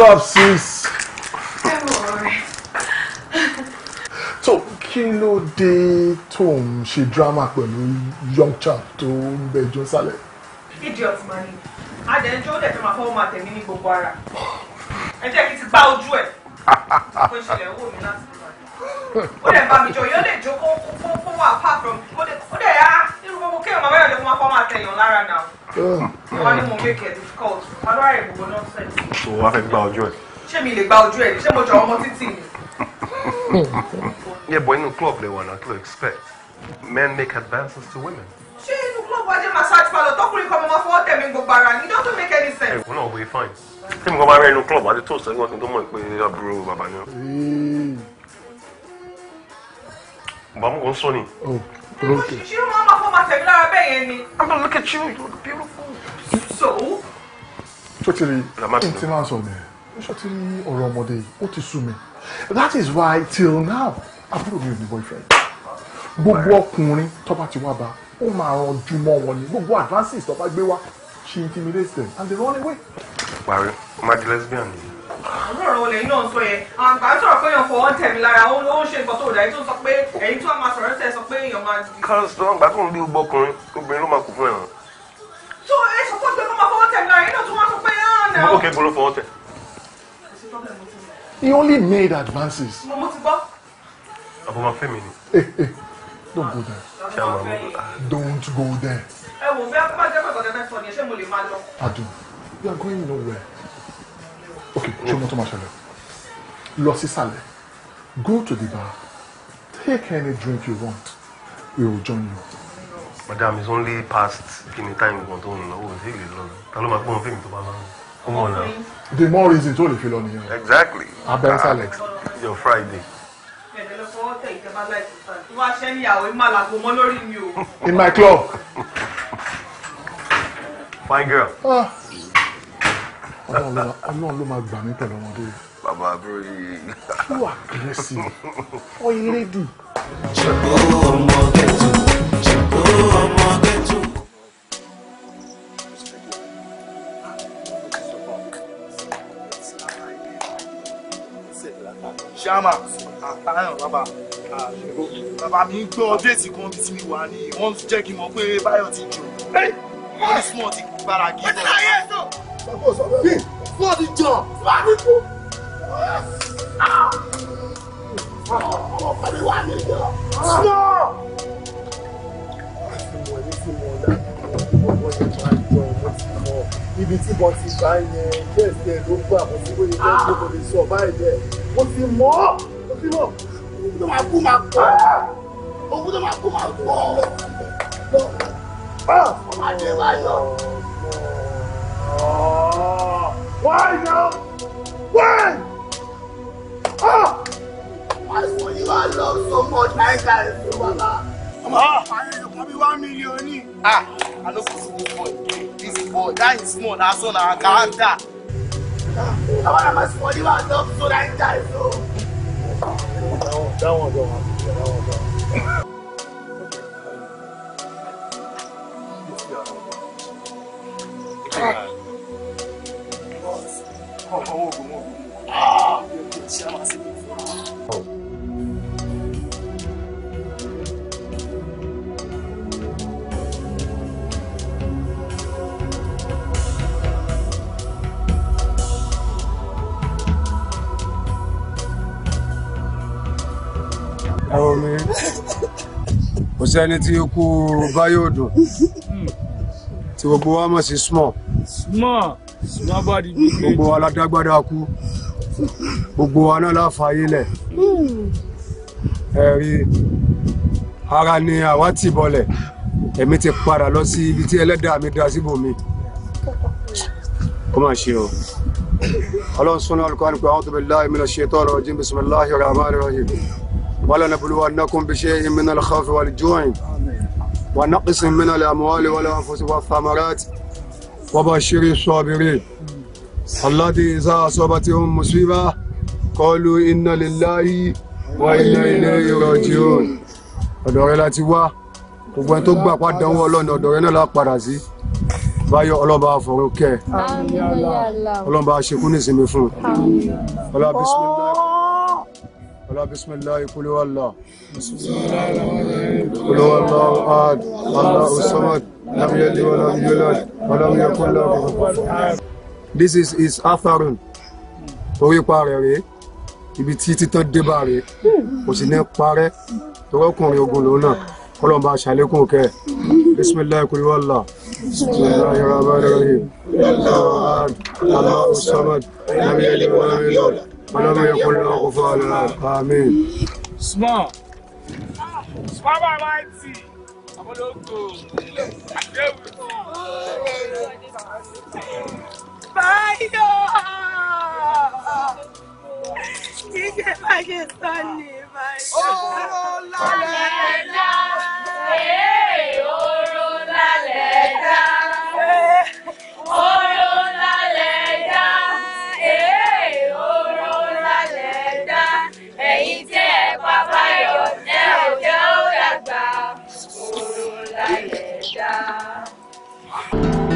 What's up, sis? so kí ló dé tó ń ṣe drama pẹ̀lú young chap tó ń bẹjọ́ sálẹ̀. idiot mani adẹnjọ́ ó dẹ̀ fẹ́ máa fọwọ́ máa tẹ̀mí ní gbogbo ara ẹ jẹ́ kí n ti gbá ojú ẹ̀ kó ṣẹlẹ̀ wò gba ojú ẹ̀. ṣé mi lè gba ojú ẹ̀ ṣé mo jọ ọmọ títì ni. yeah but inú club lè wà náà kí ló expect men make advances to women. ṣé inú club wájú massage parlour tọkùnrin kan mo máa fọwọ́ tẹ̀ mí gbogbo ara ni it doesn't make any sense. ẹ̀wọ̀n náà wẹ̀ fine tí mo kọ́ bá rẹ inú club àti toast ẹ̀gbọ́n kí n tó mọ̀ pé àbúrò bàbá ni. bàbá mo kàn ń sọ ni. Oh, ṣé o máa ma fọ́ tẹ̀mí lára bẹ́ẹ̀ yẹn ni. I'm gonna look at you, you're beautiful. so. tó ti rí i tí máa sọ mi ti ní ọ̀rọ̀ ọmọdé ó ti sú mi that is why till now àbúrò mi ò ní boyfriend gbogbo ọkùnrin tó bá ti wá bá ó máa ran ojú mọ́ wọn ni gbogbo advances tó bá gbé wá she intimidates them and they run away. pàrọ̀ má di lesbian ni. àbúrò olè náà sọ yẹn àwọn àgbà sọ̀rọ̀ pé èèyàn fọwọ́ tẹ̀mí lára ó ló ń ṣe nǹkan tó dà yìí tó sọ pé èyí tó máa sọ̀rọ̀ tẹ̀ sọ pé èèyàn máa di. carlos tó ń gbà tó ń bí gbogbo ọkùnrin obìnrin ló máa kú fún ẹ̀wọ̀n. tó ẹ sọ pé ó máa fọwọ́ tẹ̀mí lára yìí náà tó máa sọ pé ó ń nà. ó He only made advances. Mo ti gbọ́. Eh, eh, don't go there. Don't go there. Ẹ wò bí Adu, you are going nowhere. Okay, ṣé mo tún máa ṣẹlẹ̀? Lọ Go to the bar. Take any drink you want. We will join you. Madam, it's only past kini time We tó ń know. Owó ò sí ìlè lọ. Ta ló máa gbọ́n fèmí tó bá lọ? ọmọ náà. the more reason tó lè fi Exactly. nìyẹn. exactly. Ah, Alex. your friday. in my club. fine girl. Ah. ọlọ́run ló máa gbà mí pẹ̀lú ọmọdé yìí. bàbá àbúrò yìí. you are crazy. ọyẹ́rẹ́dì. ṣèpó ọmọ gẹ̀tù ṣèpó ọmọ gẹ̀tù. drama àtàràn bàbá bàbá mi ń gbọ́ déètì kan tí mi wà ní wọ́n jẹ́ kí n mọ̀ pé báyọ̀ ti jò wọ́n ní small ti gbára gí bọ́. small ti jọ small ti kú. small. Thank you ibi tí mo ti bá yẹn bẹ́ẹ̀ ló gbọ́ àmọ́ tí mo yẹ lè sọ báyìí bẹ́ẹ̀ mo ti mọ̀ ọ́ mo ti mọ̀ owó tó máa kú máa pọ̀ owó tó máa kú máa pọ̀ ọmọ adé máa yọ. Why now? Why? Ah! Why would you have loved so much like that, Mama? Mama, I need to come one million ìwọ dáhìn small na so na kàńtà. àwọn àmọ́ sì wọ́n ní wàá lọ so na ń jà èso. dáwọn ọjọ́ wọn dáwọn sẹ́ni tí ikú báyọ̀ odò tí gbogbo wa mọ̀ sí small. small small body big age. gbogbo wa ládágbádá kú gbogbo wa náà láfààyè lẹ̀ ẹ̀rí ara ni àwa tì bọlẹ̀ èmi ti padà lọ sí ibi tí ẹlẹ́dàá mi dá síbòmí ó mà ṣe o. Allahumma salli ala Al-Qur'an wa a'udhu billahi minash shaitanir rajim bismillahir rahmanir rahim. ولا ولنبلونكم بشيء من الخوف والجوع ونقص من الأموال والأنفس والثمرات وبشر الصابرين الذي إذا أصابتهم مصيبة قالوا إنا لله وإنا إليه راجعون ọ̀dọ̀ rẹ láti wá gbogbo ẹni tó gbà padà ń wọ ọlọ́nà náà la padà sí báyọ̀ ọlọ́ba àfọ̀rọ̀ kẹ́ ẹ̀ àṣekú nísìnyí fún un ọlọ́ba ولا بسم الله قل هو الله قل هو الله احد الله الصمد لم يلد ولم this is his atharun orí parẹ́ rèé ibi tí títàn dé bá rèé kò sì ní parẹ́ tọrọkùnrin ogun lòun náà kọlọmọ bá ṣàlékún kẹ bisimilayi kuli wàllá bisimilayi rahman rahim allah ahad allah samad lam yalid wa yulad. ولم يكن له كفوا امين small small by mighty amoloko adewu bayo Yeah.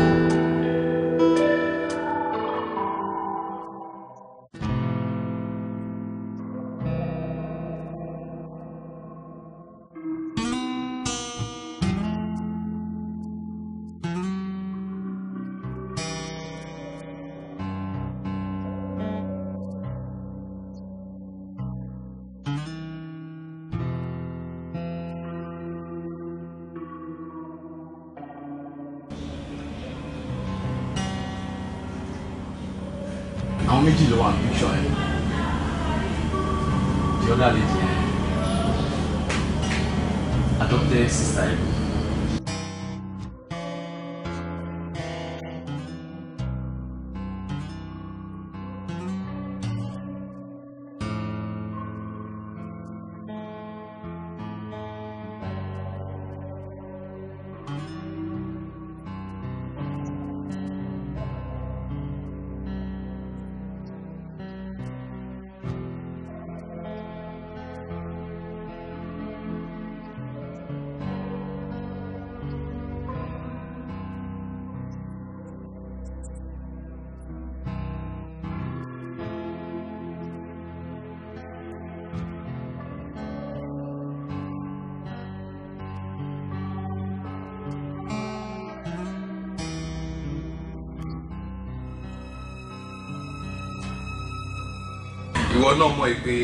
náà mọ̀ pé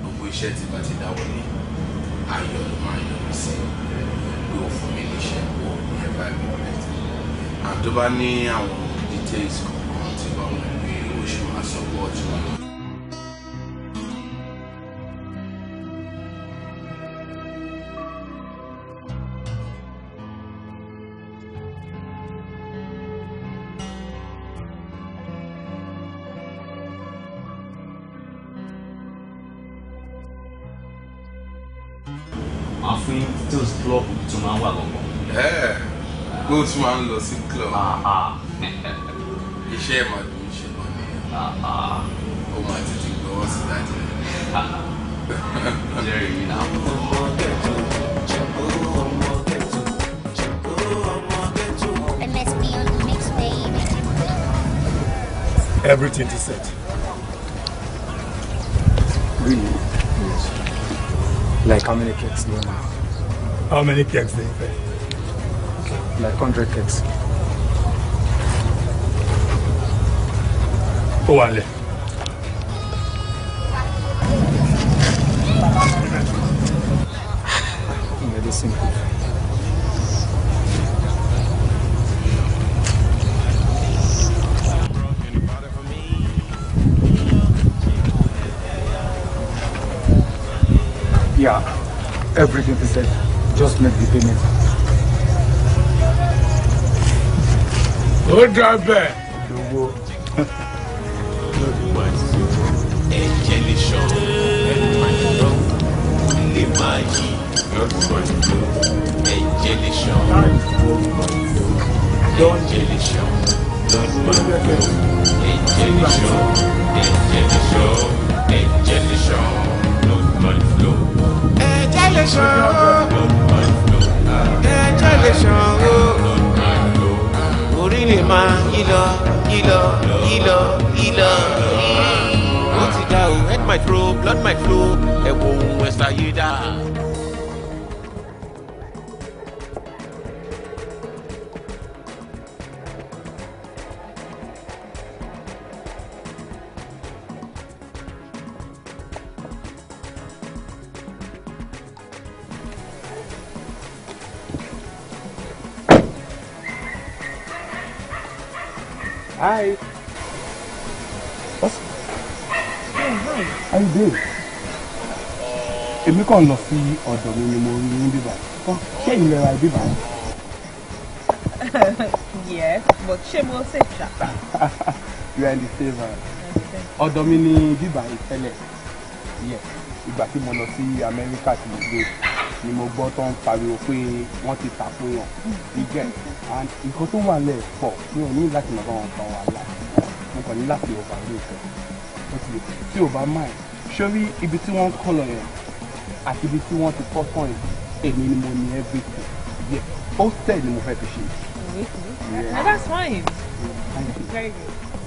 gbogbo iṣẹ́ tí bá ti dáwọ́ lé ayọ̀ ló máa yọ mí sí pé ó fún mi níṣẹ́ ó ní ẹ̀ bá mi lẹ́tẹ̀ àdó bá ní àwọn Everything is set. Really? Yes. Like how many cakes do you have? How many cakes do you have? Like 100 cakes. Ó wà lẹ̀. everything to set. Just make the payment. Ó dà bẹ́ẹ̀. Lówó. Ẹ̀jẹ̀ lè ṣan ẹnu máa ń lọ. Ilé máa yí lọ́dún ọ̀dún. Ẹ̀jẹ̀ lè ṣan. Ẹ̀jẹ̀ lè ṣan lọ́dún ọ̀dún. Ẹ̀jẹ̀ lè ṣan. Ẹ̀jẹ̀ lè ṣan. Ẹ̀jẹ̀ lè ṣan lọ́dún ọ̀dún lè ṣàn ó ẹjọ́ lè ṣàn ó orí lè máa yílọ head might flow blood might flow ẹ̀wọ̀n ohun ẹ̀sà yé dáa. kàn lọ fi ọ̀dọ̀ mi ni mo rí ní bíbá kan ṣé ìlera bíbá ni. yes but ṣé mo ṣe ṣá. you are the favour. ọ̀dọ̀ mi ni bíbá yìí tẹ́lẹ̀ yes ìgbà tí mo lọ sí amẹ́ríkà tí mo gbé ni mo gbọ́ tó ń pariwo pé wọ́n ti tà fún yàn ìjẹ́ and nǹkan tó wà lẹ̀ pọ̀ mi ò ní láti mọ̀ bá wọn bá wọn là mo kàn ní láti ọ̀bà lóòótọ́ tí ò bá máa ṣórí ibi tí wọ́n ń kọ́ lọ yẹn àti ibi tí wọ́n ti kọ́ tán yìí èmi ni mo ní everything yes hostel ni mo fẹ́ fi ṣe. that's fine.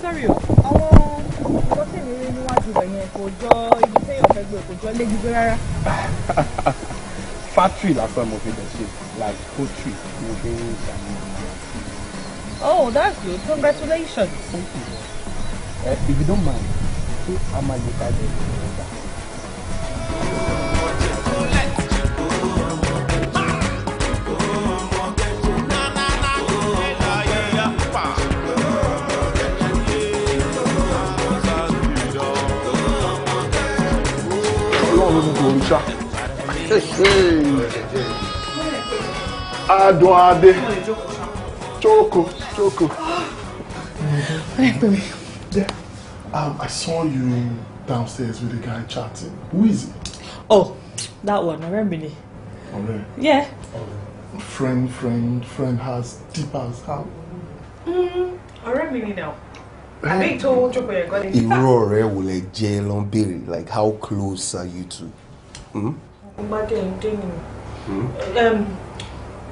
sorry o àwọn nǹkan tèmi rí níwájú ibẹ̀ yẹn kò jọ ibi téèyàn fẹ́ gbé kò jọ lé gbígbé rárá. factory lásán mo fi bẹ̀ ṣe like poultry mo fi ń ṣàmúlò. oh that's good congratulations. uh, if you don't mind. I might look at it. Hmm. adùn adé jókòó jókòó. Yeah, um, I saw you downstairs with a guy chatting. Who is he? Oh, that one, Oremini. Oremini? Yeah. Oremini. Friend, friend, friend has deep as how? Mm, mm-hmm. Oremini now. Eh. Irú ọ̀rẹ́ wo lẹ jẹ́ ló ń béèrè like how close are you two? Hmm. Hmm? Um,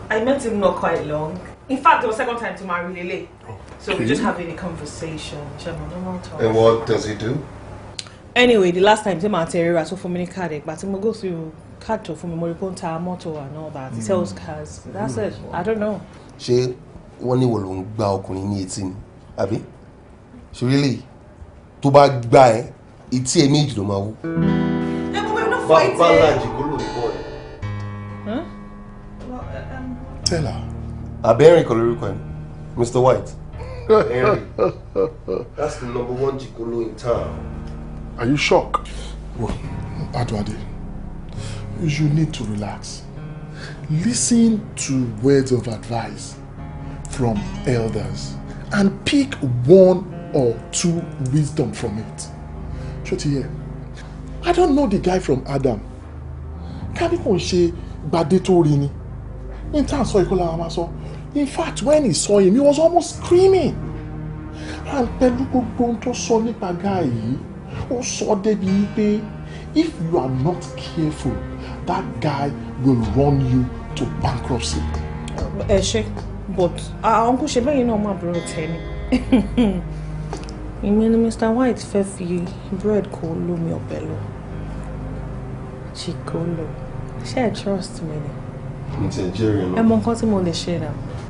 I met him not quite long. In fact, the second time to marry Lele. Okay. So we're just having a conversation. And what does he do? Anyway, the last time Tim Terry so for many card, but I'm go through card to from Moriponta motor and all that. He hmm. sells cars. That's it. Hmm. I don't know. She wọ́n ní wo ló ń gba ọkùnrin ní etí ni àbí ṣe rí lè tó bá gbá ẹ etí ẹ méjì ló bestseller. àbẹ́rìn kan lórúkọ Mr. White. Henry, that's the number one gigolo in town. Are you shocked? Well, Adwade, you need to relax. Listen to words of advice from elders and pick one or two wisdom from it. Shotiye, I don't know the guy from Adam. Kàbí kò say ṣe rini? ní tá à ń sọ ìkó làwọn sọ in fact when he saw him he was almost screaming and pẹ̀lú gbogbo ohun tó sọ nípa guy yìí ó sọ débi pé if you are not careful that guy will run you to bankruptcy. ẹ ṣe but àwọn kò ṣe bẹ́yìn náà máa bẹ̀rẹ̀ tẹ́ ni ìmọ̀ ni Mr. White fẹ́ fi bread kó lómi ọbẹ̀ lọ chikolo ṣe trust me ni mo ti ẹ̀ jẹ́rìí náà. ẹ mọ nǹkan tí mo lè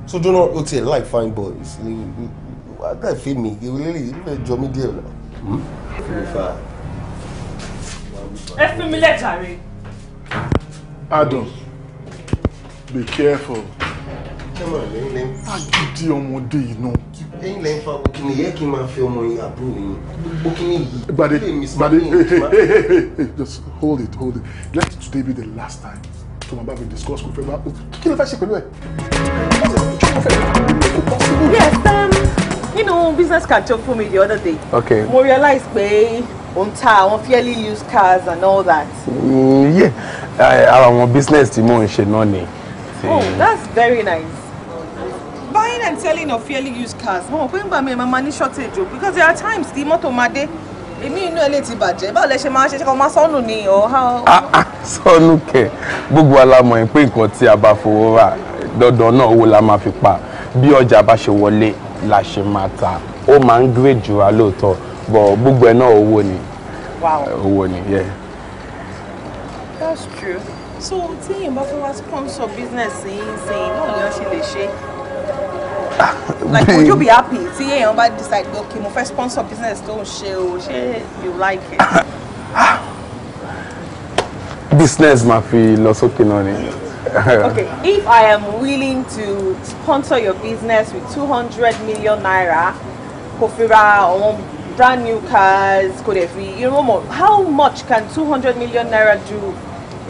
so dúró o tiẹ̀ like fine boys ni wàhálà feed me. You really, you mí díẹ̀ náà. ẹ fi mi lẹ́jà rẹ̀. Adam be careful. Agídí on yìí náà. Ẹyin lẹ́yìn fa bukini yẹ kí n máa fi ọmọ yìí àbúrò yìí. Bukini yìí. Gbade Gbade just hold it hold it let today be the last time tó máa bá mi discuss kó fẹ́ bá kí ló fẹ́ ṣe pẹ̀lú ẹ̀. yes um, you know business card talk for me the other day. okay mo realize pé òun ta àwọn fairly used cars and all that. Mm, yeah ara àwọn business tí mò ń ṣe náà ni. oh that's very nice buying and selling of fairly used cars mo mọ̀ pé ń gbà mí ẹ̀ ma ní shortage o because there are times tí motor máa dé èmi inú ẹ lè ti bàjẹ́ báwo lẹ ṣe máa ṣe ṣe máa sọnù ni ọ̀ ah, ah, sọnù kẹ gbogbo wa la pé nǹkan tí a bá fowó rà dandan náà owó la máa fi pa bí ọjà bá ṣe wọlé la ṣe máa ta ó máa ń gbé jù wá lóòótọ́ bọ̀ gbogbo ẹ náà owó ni owó ni yeah. that's true so tí yìnbọn fún wa sponsor business yìí ń sìn náà ni wọ́n ṣe lè ṣe like would you be happy tí èèyàn bá decide pé okay mo fẹ́ sponsor business tó ń ṣe o ṣé you like it. business máa fi lọ sókè náà ni. okay if i am willing to sponsor your business with two hundred million naira kò fi ra àwọn brand new cars kò dẹ̀ fi you know how much can two hundred million naira do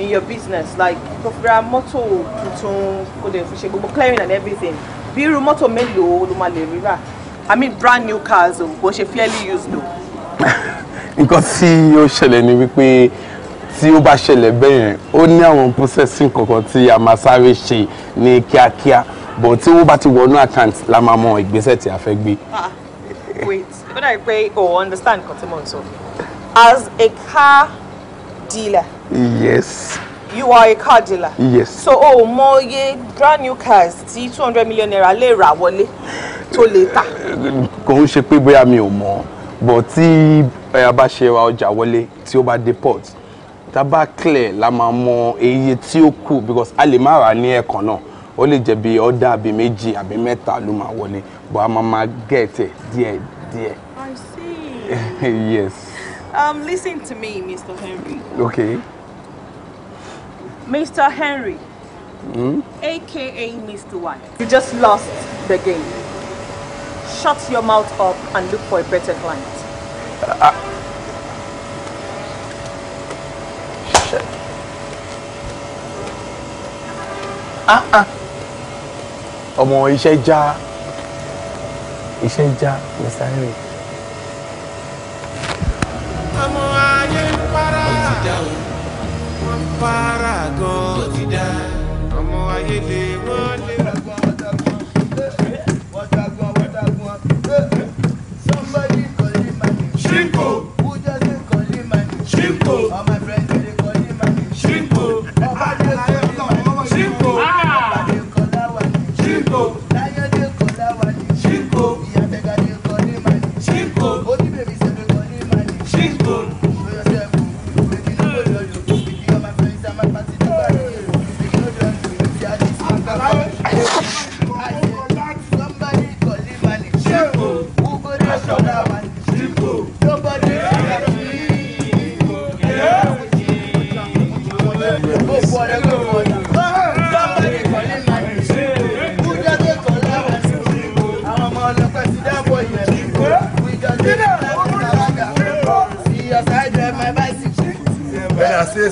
in your business like kò fi ra mọ́tò tuntun kò dẹ̀ fi ṣe gbogbo clearing and everything bí irú mọ́tò mélòó ló máa lè rí i mean brand new cars o kò ṣe fairly used o. nǹkan tí ó ṣẹlẹ̀ ni wípé tí ó bá ṣẹlẹ̀ bẹ́ẹ̀ yẹn ó ní àwọn processing kankan tí a máa sáré ṣe ní kíákíá but tí wọ́n bá ti wọnú account la máa mọ ìgbésẹ̀ tí a fẹ́ gbé. Ah, wait ó dàbí pé o understand nǹkan tí mo ń sọ as a car dealer. yes you are a car dealer. yes. so o oh, mọ iye brand new cars tí two hundred million naira lè rà wọlé tó lè tà. kò ń ṣe pé bóyá mi ò mọ̀ but tí a bá ṣe ra ọjà wọlé tí ó bá dé port tá bá clear la máa mọ iye tí ó kù because a lè má rà ní ẹ̀kan náà ó lè jẹ́ bí ọ̀dà àbí méjì àbí mẹ́ta ló máa wọlé but a máa máa gẹ̀ẹ́tẹ̀ díẹ̀ díẹ̀. I see. yes. Um, listen to me, Mr. Henry. Okay. Mr. Henry, mm? aka Mr. White, you just lost the game. Shut your mouth up and look for a better client. Uh, uh. shit. Uh-uh. Ọmọ iṣẹ́ já. Iṣẹ́ já, Mr. Henry. Ọmọ ayé ń para. Ó ti dá o wọ́n para gan. ó ti dá ọmọ ayé Shinko.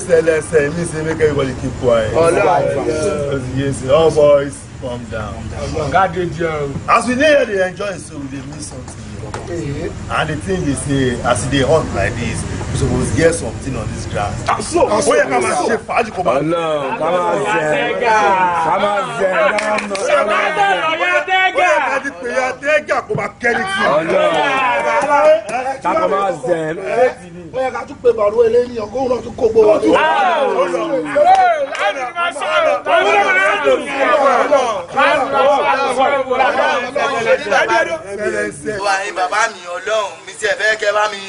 dey sell say, mi say make everybody keep quiet. ọlọ́run all boys calm down. God dey there as we near, here enjoy so we dey miss something. Eh. and the thing be eh, say as they hunt like this we suppose get something on this grass. aso o yẹ ká máa ṣe fàájì kò bá. ọlọ ká máa zẹ ká máa zẹ ká máa zẹ. ṣé máa tẹ ọ̀yà dẹ́gà. ó yẹ ká ti pè ya dẹ́gà kó máa kẹ́ni kí. ọlọ ká máa zẹ ó yẹ ká tún pé bàrú eléyìí ọgọ́rùn náà tún kó gbó wọn. wà ní bàbá mi ọlọ́run mi tiẹ̀ fẹ́ kẹ́ bá mi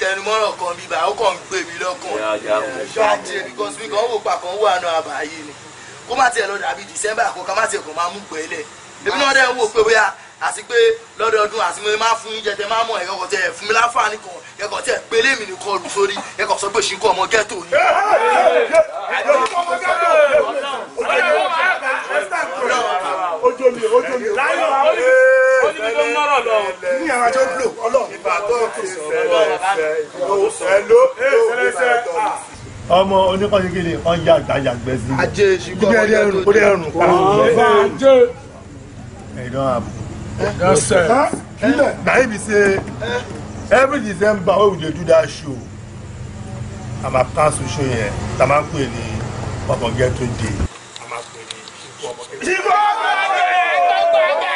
tẹnumọ́rọ̀ kan bí bàá ó kàn ń gbé mi lọ́kàn ṣáàjì because mi kàn ń wò pàkàn wà náà àbáyé ni kó má tiẹ̀ lọ dàbí December kó ká má tiẹ̀ kó má mú gbẹ́lẹ̀ èmi náà dẹ̀ wò pé bóyá àti pé lọ́dọọdún àti mo máa fún yíjẹ máa mọ ẹ̀yọ́ tẹ fún mi láǹfààní kan ẹ̀kọ́ tẹ pélé mi nìkan lù sórí ẹ̀kọ́ sọ pé ṣìkọ́ ọmọ ghetto ni. ojo mi ojo mi láyọ̀ olùbí tó ń nọ́rọ̀ lọ. ọjà àgbàjà gbẹ̀sí. ajé ṣùgbọ́n ọdẹ ẹrùn ọdẹ you don have don serve na him be say every december wey we dey do that show na my pass to show here tamakwe ni papa get to dey. Ibo Bade! Ibo Bade!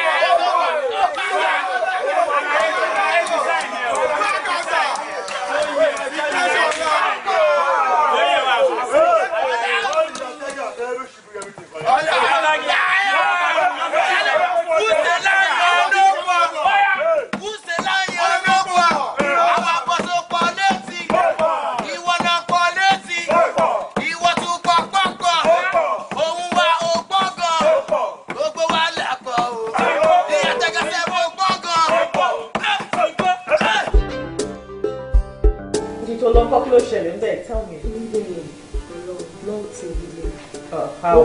How?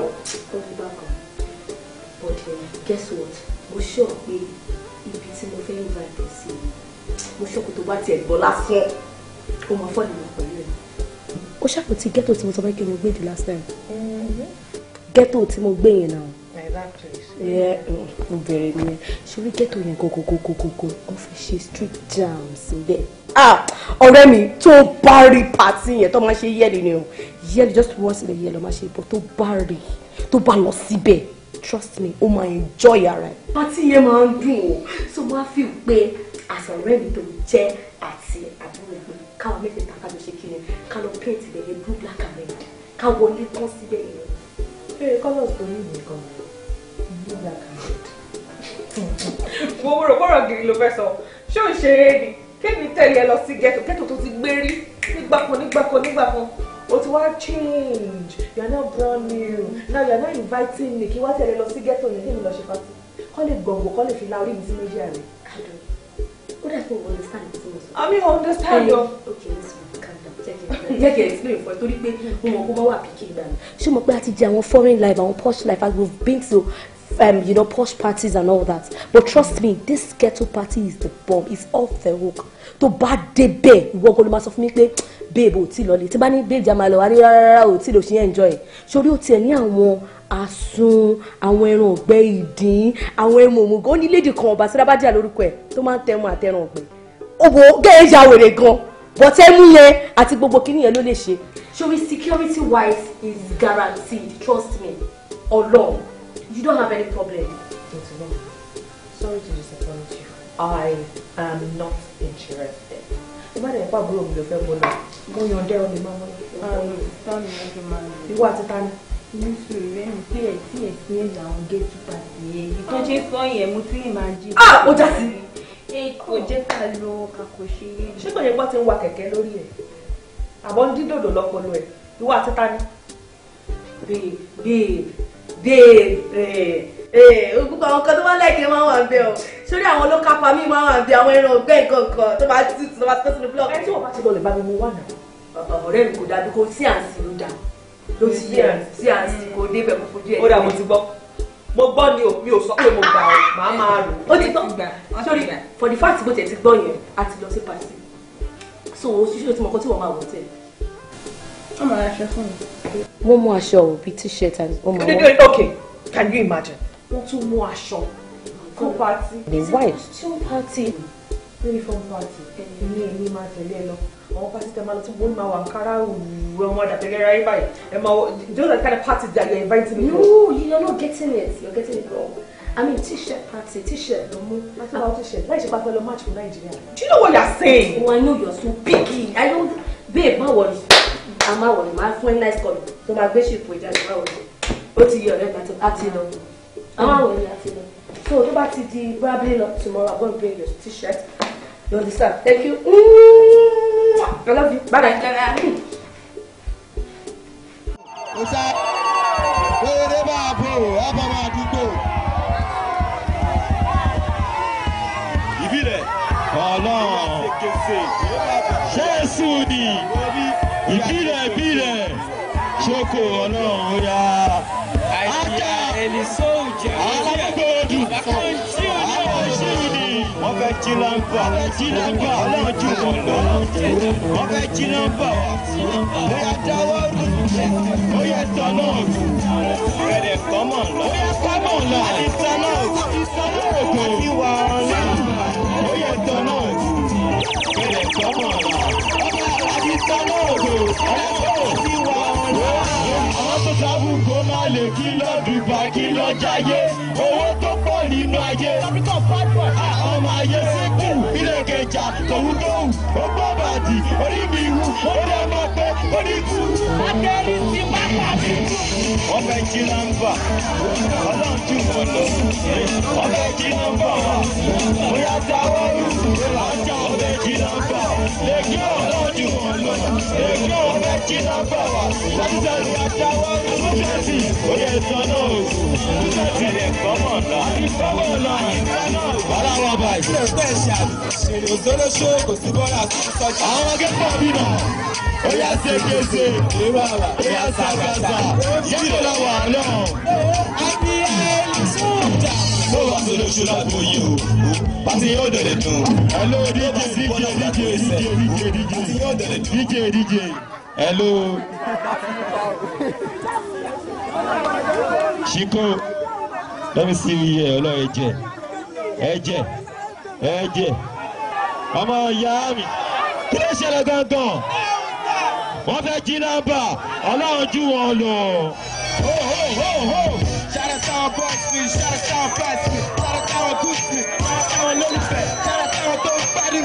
Ó rí bákan. But guess what? Mo sure pé ibi tí mo fẹ́ invite ẹ sí mo sure kó tó bá tiẹ̀ bọ́ lásán. Ó máa fọ́ọ̀lì mi pẹ̀lú ẹ̀. Ó ṣàpótí ghetto tí mo sọ pé kí mo gbé the last time. Mm-hmm. Ghetto tí mo gbé yẹn náà mm, mo bẹ̀rẹ̀ nìyẹn Go go go go go fi ṣe street jams in there. Ah, ọ̀rẹ́ mi tó bá rí pàtí yẹn tó máa ṣe yẹ́lì ni o yẹ́lì just once in a year ló máa ṣe ipò tó bá rí tó bá lọ síbẹ̀ trust me ó máa enjoy ara ẹ̀. pàtí yẹn máa ń dùn o tó máa fi pé àsọ̀rẹ́ mi tó jẹ́ àti àbúrò mi káwọn mẹ́tẹ̀ẹ̀ta ká lọ ṣe kí ni ká lọ pẹ́ẹ́tì bẹ̀rẹ̀ blue black and red ká wọlé tán síbẹ̀ yẹn. ee kọ́lọ̀ tó ní ìwé kan blue black and red. mo rò kọ́rọ̀ gidi ló fẹ́ sọ ṣé ò ṣeré ni kémi tẹ̀lé ẹ lọ sí ghetto ghetto tó ti gbé rí nígbà kan nígbà kan nígbà kan o ti wá change you are not brand new now you are not inviting me kí wá tẹ̀lé lọ sí ghetto yẹn kémi lọ ṣe pátì kọ́ lè gbọ̀ngbò kọ́ lè fi la orí mi sí méjì àrè. ó dà fún understand tí mo sọ. àmì understand o. okay listen calm down jẹ́ explain for ẹ torí pé mo mọ̀ kó bá wà pikin gbà mí. ṣé mo pé a ti jẹ àwọn foreign life àwọn posh life as we been to um, you know, posh parties and all that. But trust me, this ghetto party is the bomb. It's off the hook tó bá débẹ̀ ìwọ kò lè máa sọ fún mi pé babe ò tí lọ lè tí bá ní babe àmà lọ wá ní rárá ò tí lò ṣe enjoy sórí ó tiẹ̀ ní àwọn asun àwọn ẹran ọ̀gbẹ́ ìdín àwọn ẹmu òmùgọ̀ ó ní lédi kan ọba sídábàjá lórúkọ ẹ̀ tó máa ń tẹmu àtẹran ọ̀gbẹ́ owó gẹ́gẹ́ ya wèrè gan bọ́tẹ́mú yẹn àti gbogbo kíní yẹn ló lè ṣe sórí security wise is guaranteed trust me ọlọ́run you don't have any problem. sorry to disappoint you. I am not interested. Ìbá dẹ̀ pa àbúrò mi ló fẹ́ bọ́lá. Mo yàn dẹ́ máa wọlé. Àwọn ah, ìtọ́ni máa ń lò. Ìwà àti tani. Yíṣu rẹ̀ ń pè ẹ̀ tí ẹ̀ sí ẹ̀ làwọn géètì pàtì Ìtọ́jú sọ yẹn mo ti máa jí. À ah, ó já sí. Kò jẹ́ ká lo kàkó ṣe yé. Ṣé kò yẹ pé ti ń wa kẹ̀kẹ́ lórí ẹ̀? Àbọ̀ ń dídòdò lọ́pọlọ ẹ̀. Ìwà àti tani. Bèè bèè bèè bèè. Gbogbo àwọn kan tó máa ń sórí àwọn local farm mi máa ń bí àwọn ẹran ọgbẹ́ nǹkan kan tó bá ti tó bá tó sínú blọọkì. ẹ tí wọn bá ti lọlẹ bá mi mú wà náà. ọ̀rẹ́ mi kò dájú kó sí àǹsì ló dà ló ti yẹ sí àǹsì kò débẹ̀ kó fojú ẹ̀. ó dà mo ti gbọ́ mo gbọ́ ni mi ò sọ pé mo gbà ọ́ màá máa rò. ó ti gbọ́ sórí for the fact bó tẹ̀ ti gbọ́ yẹn a ti lọ sí pàṣẹ so oṣiṣẹ́ tí mo kọ́ tí wọ́n máa wọ̀ tẹ̀ wọ́n máa aṣọ fún mi. wọ́n mú aṣọ òbí t-shirt and wọ́n máa wọ́n. ok can you imagine. wọ́n tún mú aṣọ two party. the wife. two party uniform party èmi èmi máa tẹ̀lé ẹ lọ àwọn party tẹ máa lọ tí wọ́n máa wà kára òwúrò ọmọ àdàtẹ̀lẹ̀ ra yín báyìí ẹ máa those are the kind of parties that you are inviting me for. no you are not getting it you are getting it wrong. I mean t-shirt party t-shirt ló mú. I about t-shirt láì ṣe pàtó lọ match for Nigeria. Do you know what you're saying? Oh I know you're so picky. I don't babe má worry I'm ah, má worry My friend, ẹ nice call tó máa gbé ṣèpò ìjáde má worry ó ti yẹ ọ̀rẹ́ mi àti lọ àwọn àwòrán àti lọ so tó bá ti di probably not tomorrow i'm gonna bring your t-shirt you understand thank you mm i love you bye bye. ọ̀sá eré bá a bò ọba máa dúgbò. ìbílẹ̀ ọlọ́run ṣẹ́ẹ̀sì ni ìbílẹ̀ ìbílẹ̀ ṣoko ọlọ́run ó yá. àìsí àìlèsó wọ́n fẹ́ jí lámpà jí lámpà ọlọ́run jù wọ́n lọ wọ́n fẹ́ jí lámpà ó yà dáwọ́ rú ó yà tọ́ náà rú rẹ̀rẹ̀ kọ́ mọ̀ lọ ó yà kọ́ mọ̀ lọ àdìsá náà rú òkò ìwà ọ̀rọ̀ ó yà tọ́ náà rú rẹ̀rẹ̀ kọ́ mọ̀ lọ àdìsá náà rú òkò ìwà ọ̀rọ̀ àwọn tó sábù kó má lè kí lọ́ọ́ dùbà kí lọ́ọ́ jáyé owó tó kọ́ gbogbo ayé ọmọ ayé síkù ah, ilé kẹjà tòwútòwù ọgbọ́bàdì oríbi ìwú orí ọmọ pé oníkú. adẹ́rì ti bá pàdé. wọ́n fẹ́ jí nọ́mbà ọlọ́run tún wọ́n lọ. wọ́n fẹ́ jí nọ́mbà wa bóyá táwọn ọjà ọ̀fẹ́ jí nọ́mbà lè gbé ọ̀la èké ọ̀rẹ́ kí náà bá wa látìsẹ̀lì àtàwọn olùdẹ́sì oyè ìsọ̀nà olùdẹ́sì lè kọ́mọ̀ náà àdìsọ́wọ́ náà bàrà wà báyìí. sílẹ̀ tẹ̀ ṣe àṣírí òṣèlóṣó kò sí bọ́lá sọ́jà. àwọn akẹ́kọ̀ọ́ bí nà oyè àṣekèsè oyè àṣàkàṣà yẹ́n lọ́wọ́ àná mo wá sọ̀rọ̀ yìí o pàtí yóò dẹ̀lẹ̀ dùn. hello díje díje díje díje díje díje díje díje hello. Chico let me see you here ọlọ́ ẹ̀jẹ̀ ẹ̀jẹ̀ ẹ̀jẹ̀ ọmọ ìyá mi kí ló ṣẹlẹ̀ gangan wọ́n fẹ́ jí nọ́mbà ọlọ́run jù wọ́n lọ. ho ho ho ho. shout out to zaraz całą plackę, zaraz całą kustkę, zaraz całą lądkę, zaraz całą tą parę,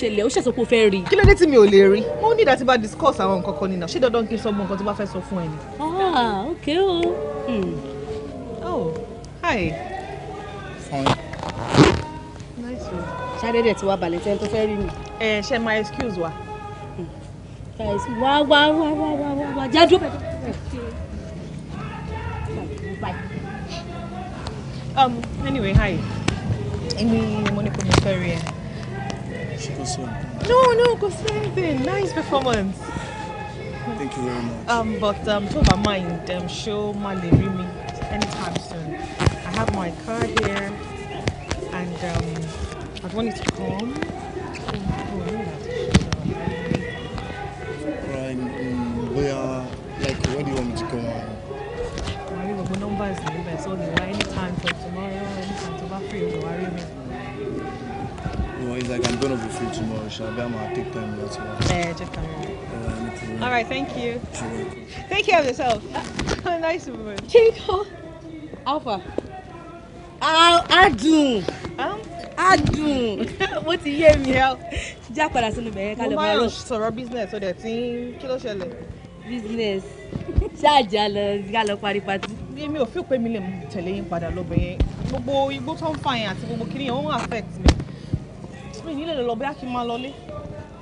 ṣẹlẹ̀ ó ṣẹ̀sọ́ pé o fẹ́ rí. kí ló dé tí mi ò lè rí mo ní ìdásí bá discuss àwọn nǹkan kan nínú ṣé dandan kí n sọ mọ nǹkan tó bá fẹ́ sọ fún ẹ ni. ah ok o. Hmm. oh hi. fine. nice one. ṣáde dẹ̀ ti wá balẹ̀ tẹ́ tó fẹ́ rí mi. ẹ eh, ṣe my excuse wa. Hmm. wá wá wá wá wá wá wá jáde ó bẹ̀rẹ̀. Um, anyway hi èmi mo ní kò ní fẹ́ rí ẹ. Same. No, no, go anything. Nice performance. Thank you very much. Um, but um, to my mind, um, show my me anytime soon. I have my card here, and um, i want it to come. Right, um, like, when do you want me to come? My number is the number, so anytime from tomorrow, anytime to Africa, worry me. Anyways, like I'm gonna be free tomorrow. Shabi, I'm gonna take time later. Yeah, take time. Yeah, All right, thank you. Take care of yourself. nice woman. Chico. Alpha. Al Adun. Um? Adun. Mo ti yé mi. Já padà sínú bẹ̀rẹ̀ ká lè máa rọ̀. Mo máa sọ̀rọ̀ business ọ̀dẹ̀ tí kí ló ṣẹlẹ̀? Business. Ṣáàjà lọ ká lọ parí patí. Èmi ò fi pé mi lè tẹ̀lé yín padà lọ bẹ̀yẹn. Gbogbo igbó tó ń fà yẹn àti gbogbo kiri yẹn ó ń affect mi mi nílé lọ bí a kì máa lọlé.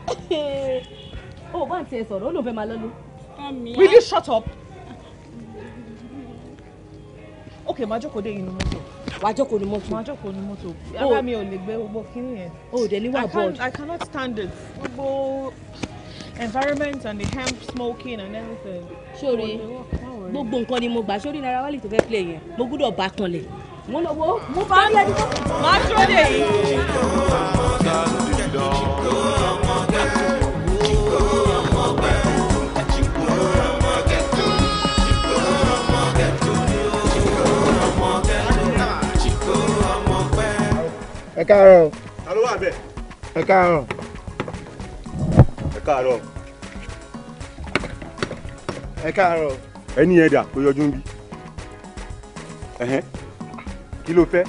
o oh, bá ń tiẹ̀ sọ̀rọ̀ ó lóun fẹ́ máa lọ́lé. will you shut up? ok máa jókòó dé inú mọ́tò. wàá jókòó ní mọ́tò. máa jókòó ní mọ́tò. Oh. ara mi ò lè gbé gbogbo kínní yẹn. o oh, ò dé ní wà bọ́ọ̀dù. I cannot stand it. gbogbo environment and the hemp smoking and everything. sórí gbogbo nǹkan ni mo gbà sórí náírà wálé tó fẹ́ play yẹn mo gbúdọ̀ bá kanlẹ̀ mo lọ wo mo bá rí ẹni máa dúró dè yìí ẹ káàárọ̀. ta ló wà bẹ́ẹ̀. ẹ káàárọ̀. ẹ káàárọ̀. ẹ káàárọ̀. ẹni yẹn dà kó yọjú ń bí. kí ló fẹ́.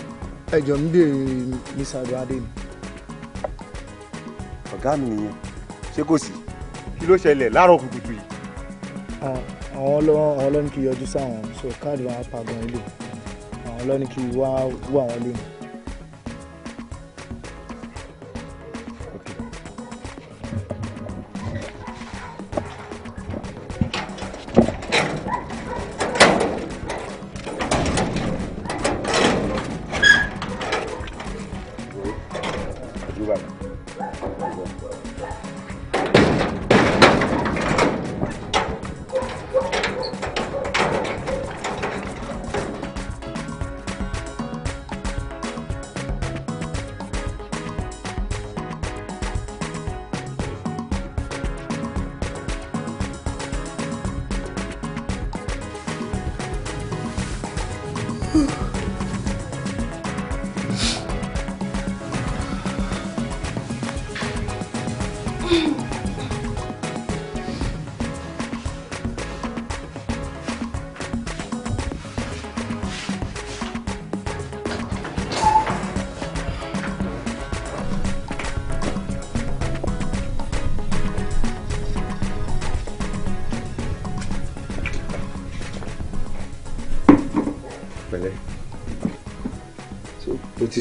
ẹ jọ ń béèrè mr adúládé ni ọ̀gá mi nìyẹn ṣé kò sí kí ló ṣẹlẹ̀ láàárọ̀ kùtùkùtù yìí. àwọn ọlọ́run kì í yọjú sáwọn so káàdì wọn á pa gan ilé àwọn ọlọ́run kì í wá wà wọn lónìí.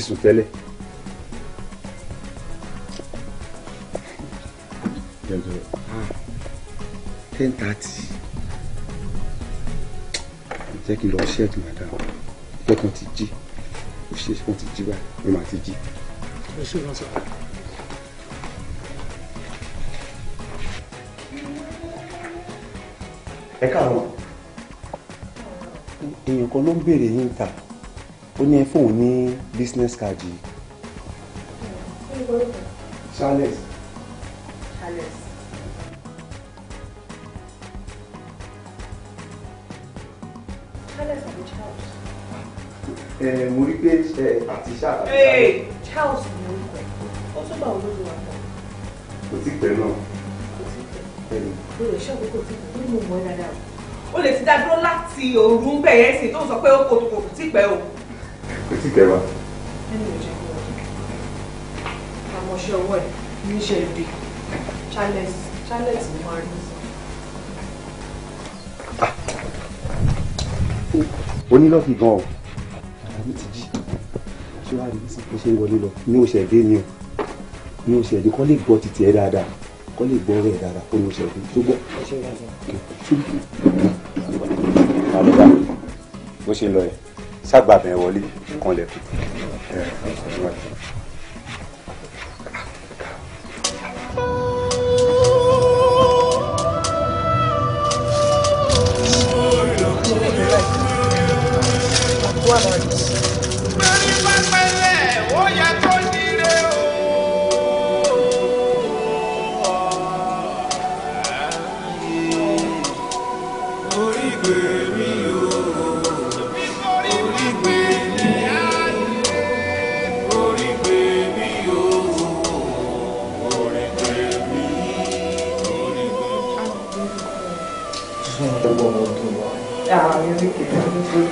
sùn tẹ́lẹ̀. ten thirty jẹ́ kí n lọ ṣẹ́ẹ̀kì madam jẹ́ kí n ti jí ṣe kí n ti jí báyìí mo máa ti jí. ẹ káàárọ̀ èèyàn kan ló ń béèrè yín ta ó ní ẹ fóun ní business card yìí. charles. charles. charles àbí charles. ẹ mo rí pé ẹ àti charles. charles ni orúkọ ẹ ó tún bá olóògbé wa tán. kò tí pẹ́ náà. kò tí pẹ́. mi ò ṣàkókò tí mo mọ̀ ẹ́ dáadáa o lè ti dá dúró láti òru ń bẹ̀yẹ̀ sí tó ń sọ pé o kò tí pẹ́ o sì kẹwàá. ẹni ò jẹ́ kí Charles Charles ló máa rí sọ. onílọ́ọ̀kì gan-an ara mi ti jí ṣé wàá rí sí bó ṣe ń wọlé lọ ní oṣù ni o ní oṣù ẹ̀dẹ́ kọ́ lè gbọ́ títì ẹ̀ dáadáa kọ́ lè gbọ́ ọ̀rọ̀ ẹ̀ dáadáa kó ní oṣù tó gbọ́. bó ṣe lọ ẹ ságbàbẹ̀ wọlé. olha a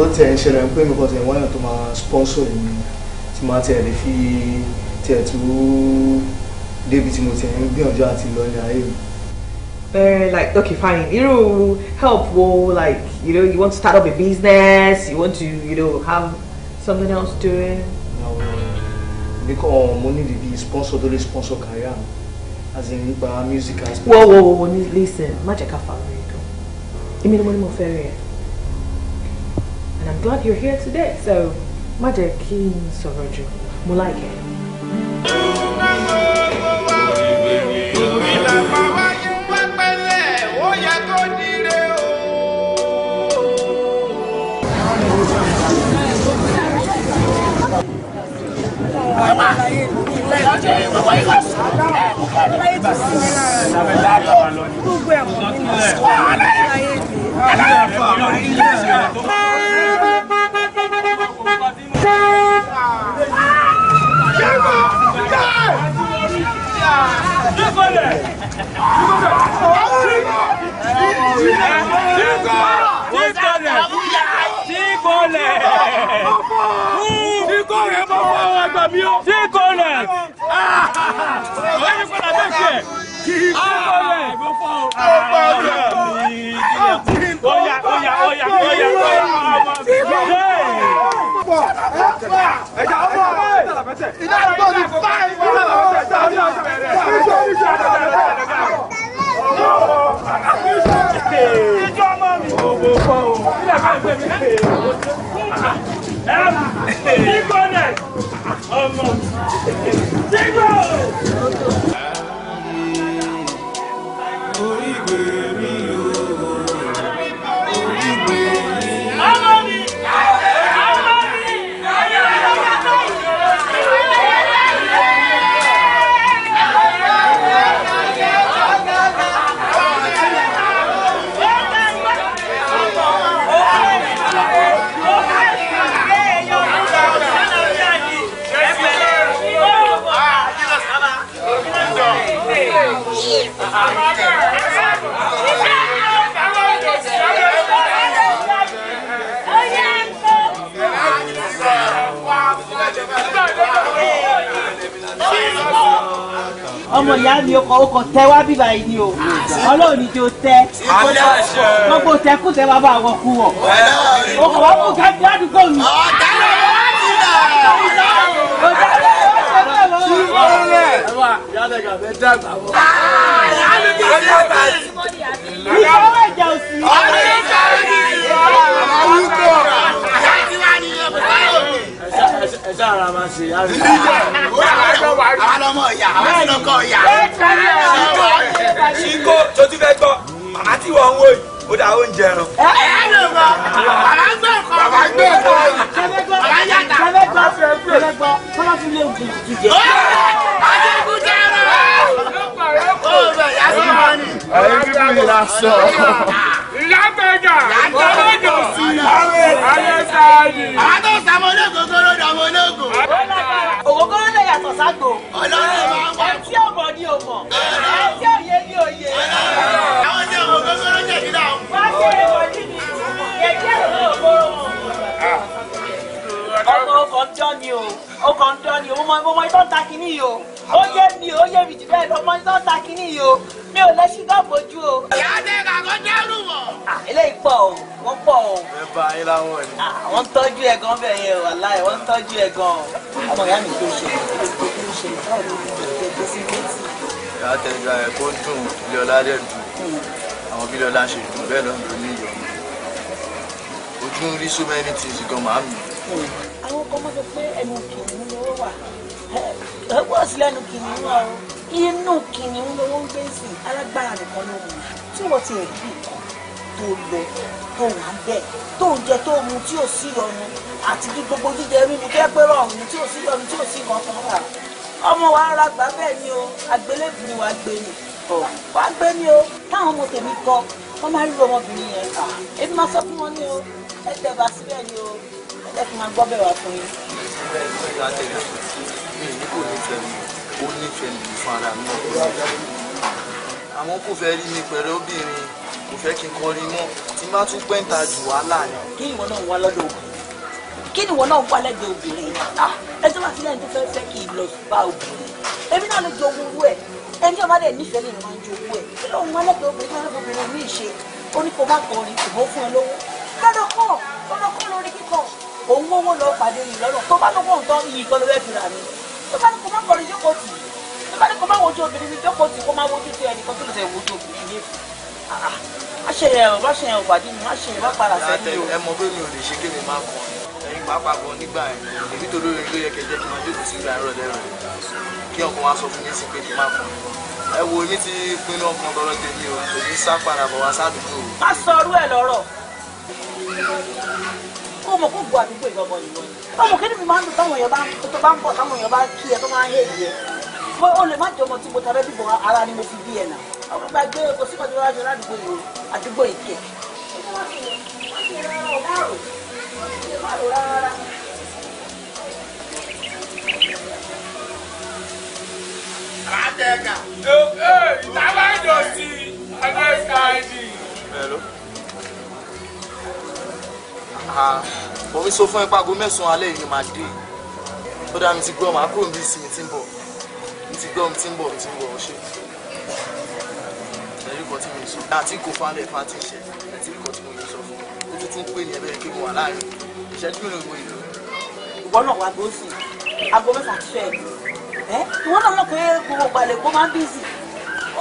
ó tẹ̀ ń ṣẹlẹ̀ pé mi kò tẹ̀ wáyà tó máa sponsor mi tí máa tẹ̀ lè fi tẹ̀ tó débi tí mo tẹ̀ ń gbìyànjú àti lọ ní ayé mi. like okay fine you know help well like you know you want to start up a business you want to you know have something else doing no because mo need to be sponsor to sponsor career as in by music as whoa whoa whoa listen má jẹ́ ká fa rẹ̀ gan èmi ni mo ní mo fẹ́ rẹ̀ I'm glad you're here today. So, má jẹ́ kí n sọ̀rọ̀ jù. Mo like it. Gbogbo ẹ̀mọ́ ni mo sọ ọ́ láyé. Oya, oya, oya, oya, oya, oya, oya ẹja ọmọ iná àdúgbò ní fáì ìjọ ọmọ mi gbogbo fọ o ilẹ̀ ká ìgbẹ́ mi ṣe é. ìyá mi ọkọ̀ ọkọ̀ tẹ́ wá bíbá yìí ni o ọlọ́run ni tó tẹ́ gbogbo tẹkùtẹ bàbá àwọn kú wọ̀ ọkọ̀ wọn kù ká àdúgbò mi. Ìyá ọ̀rẹ́ ìjà òsì. ẹ sára máa ṣe yá rẹ. àwọn ọmọ ìyá àwọn ọmọ ọkọ ìyá. ṣíkó tó ti fẹ́ gbọ́ màmá tí wọ́n ń wò yìí ó dá oúnjẹ rán. ẹ ẹ lè mọ bàbá gbé ọkọ bàbá gbé ọkọ bàbá yàtà bàbá fi ẹgbẹ ẹgbẹ bàbá fi lè gùn jùjẹ. ọjọ́ ìbújẹ rẹ̀ ó bẹ̀ yá sí wọn ni. la sọ. látọjà látọjà àádọ́ sàmọ́lé gògóró dàmọ́lé gò. ògógóró lè yàtọ̀ ságbó. ọlọ́run máa ń wá. ẹtí ọ̀bọ̀ ni ò mọ̀. ẹtí òye ni òye. àwọn tí àwọn jẹ̀bi náà. wá sí ẹ̀rọ ní ìlú. ẹ̀jẹ̀ ìlú ògóró ọmọ ọkọ̀ ń dán ni o ọkọ̀ ń dán ni o mo mọ itọ́ ta kínní yìí o ó yé mi ó yé mi jù bẹ́ẹ̀ lọ mọ itọ́ ta kínní yìí o mi ò lè ṣí dọ́gbojú o. yàtẹ̀ kàkọ́ dẹ́rù wọ̀. eléyìí pọ̀ o wọ́n pọ̀ o. ẹ bá ayé láwọn ni. wọ́n ń tọ́jú ẹ̀ gan bẹ́ẹ̀ yẹn o aláì wọ́n ń tọ́jú ẹ̀ gan ọmọ ìyá mi tó ṣe látẹ̀gbà ẹ̀ kó dùn ilé ọlá dẹ̀ dùn àwọn bí ọlá ṣe dùn bẹ́ẹ̀ lọ́dún ojú ń rí so many things gan màá mi àwọn kan máa sọ pé ẹnu kìnìún lówó wà ẹgbẹ́ òsìlẹ̀ ẹnu kìnìún wà o inú kìnìún lówó ń gbé sí alágbára nìkan ló wù tí wọ́n ti rí nǹkan tó lọ tó wà ń bẹ̀ tó ń jẹ tó mu tí ò sí ìyọnu àti kí gbogbo jíjẹ mímu kẹ́ pẹ́rọ ọ̀hún tí ò sí ìyọnu tí ò sí ìkọ̀ọ̀kan wà ọmọ wa ara gbà bẹ́ẹ̀ ni o àgbélébùú ni wàá gbé ni wàá gbé ni o táwọn ọmọ tèmi kọ wọ́n máa ń lo ọmọbìnrin yẹn kà èmi máa sọ fún wọn ní o ẹ tẹ̀ bá síbẹ̀ ni o ẹ fi máa gbọ́ bẹ̀ wá fún yín. mi kò ní fẹ́ mi ó nífẹ̀ẹ́ mi fún ara mi àmọ́ kò fẹ́ rí mi pẹ̀lú obìnrin kò fẹ́ kí n kọrin mọ́ tí n bá tún pẹ́ǹta jù wàhálà ni. kí ìwọ náà wá lọ́dọ̀ obìnrin kí ìwọ náà wá lẹ́gbẹ̀ẹ́ obìnrin ah, ẹ tó bá sílẹ̀ ní tó fẹ́ fẹ́ kí ìlọ bá obìnrin èmi náà ló jọ owó ẹ̀ ẹni ọba dẹ̀ nífẹ̀ẹ́ lè máa ń jọ owó ẹ̀ kí lóun wá lẹ́gbẹ̀ẹ́ obìnrin lọ́dọ̀ obìnrin mi ṣe ó ní kó má kọrin kò mọ́ fún ẹ lówó lọ́dọ̀ kọ́ lọ́dọ̀ kọ́ lórí kíkọ́ òun owó lọ pàdé yìí lọ́nà tó bá tó kóhùn tán iyì kan ló fẹ́ fi rà mí tó bá ní kó má kọrin jókòó tì tó bá ní kó má wojú obìnrin mi jókòó tì kó má wojú tó ẹnìkan tó lọ sẹ wojú obìnrin ah, mi má ṣe yẹn o má ṣe yẹn o pàdé mi má ṣe yẹn má padà sẹ́yìn o. ẹ mọ pé mi ò lè ṣe kí mi má kọ ẹyin pàápàá gan nígbà yẹn èmi tó lórí ló yẹ kẹjẹ kí n máa jókòó sí ìgbà ẹrọ lẹ́rọ kí ọkùnrin wa sọ fún mi sí pé kí n má kọ ẹ wo èmi ti pinnu ọkùnrin lọ́rọ́ tèmi o èmi sá padà bọ̀ wá sádùúgbò. má sọ ọrú ẹ lọ́rọ̀ kó mọ̀ kó gbọ́ àdúgbò ìgbọ̀gbọ̀ nìyẹn ọmọ kí ni mi máa ń lò táwọn èèyàn bá ń tó bá ń bọ̀ táwọn èèyàn bá ń kí ẹ tó máa ń hẹ̀ yẹ mo ò lè má jọ ọmọ tí mo tara bíbọn ara ni mo fi bí ẹ nà ọmọ gba gbé kò sí kọjú lájọ ládùúgbò yìí àdúgbò ìkẹ. Adega. Ee, mo fi sọ fún ẹ pàgọ́ mẹ́sàn-án alẹ́ yìí máa dé ó dá mi ti gbọ́ màá kúrò níbi ìsinmi tí ń bọ̀ mi ti gbọ́ mi ti ń bọ̀ mi ti ń bọ̀ ṣe ẹ̀rí kan tí mo sọ àti kò falẹ̀ fati ṣe àti kan tí mo yẹ sọ fún ó tún tún pè ní ẹbẹ̀ kí mo wà láàrin ìṣẹ́jú mélòó mo yẹ. ìwọ náà wà gbóòsì aago mẹ́fà ṣẹ́ẹ̀ ẹ́ ìwọ náà lọ pé gbogbo àlẹ́ kó máa ń bíìsì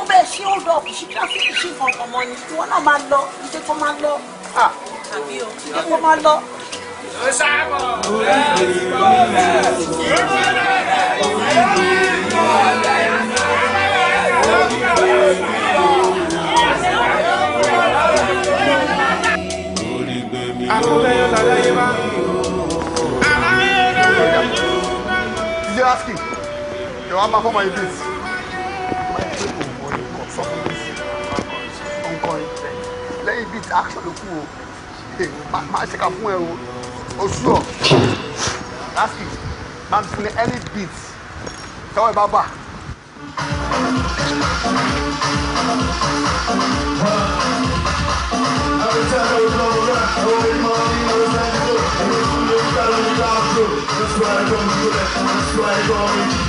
ó bẹ́ẹ̀ ṣí ó dọ̀ kù sí tráfíkì sí kankan mọ́ ni ìwọ náà máa lọ ìdè kan máa lọ ìdè kan máa lọ. You're asking. You're asking for my bits fọkùnrin ọkùnrin lẹ́yìn action ló kù o máa ṣe ká fún ẹ o oṣù ọ that's it máa fún any beat tọ́wọ́ ẹ bá why I don't do that. That's why I don't.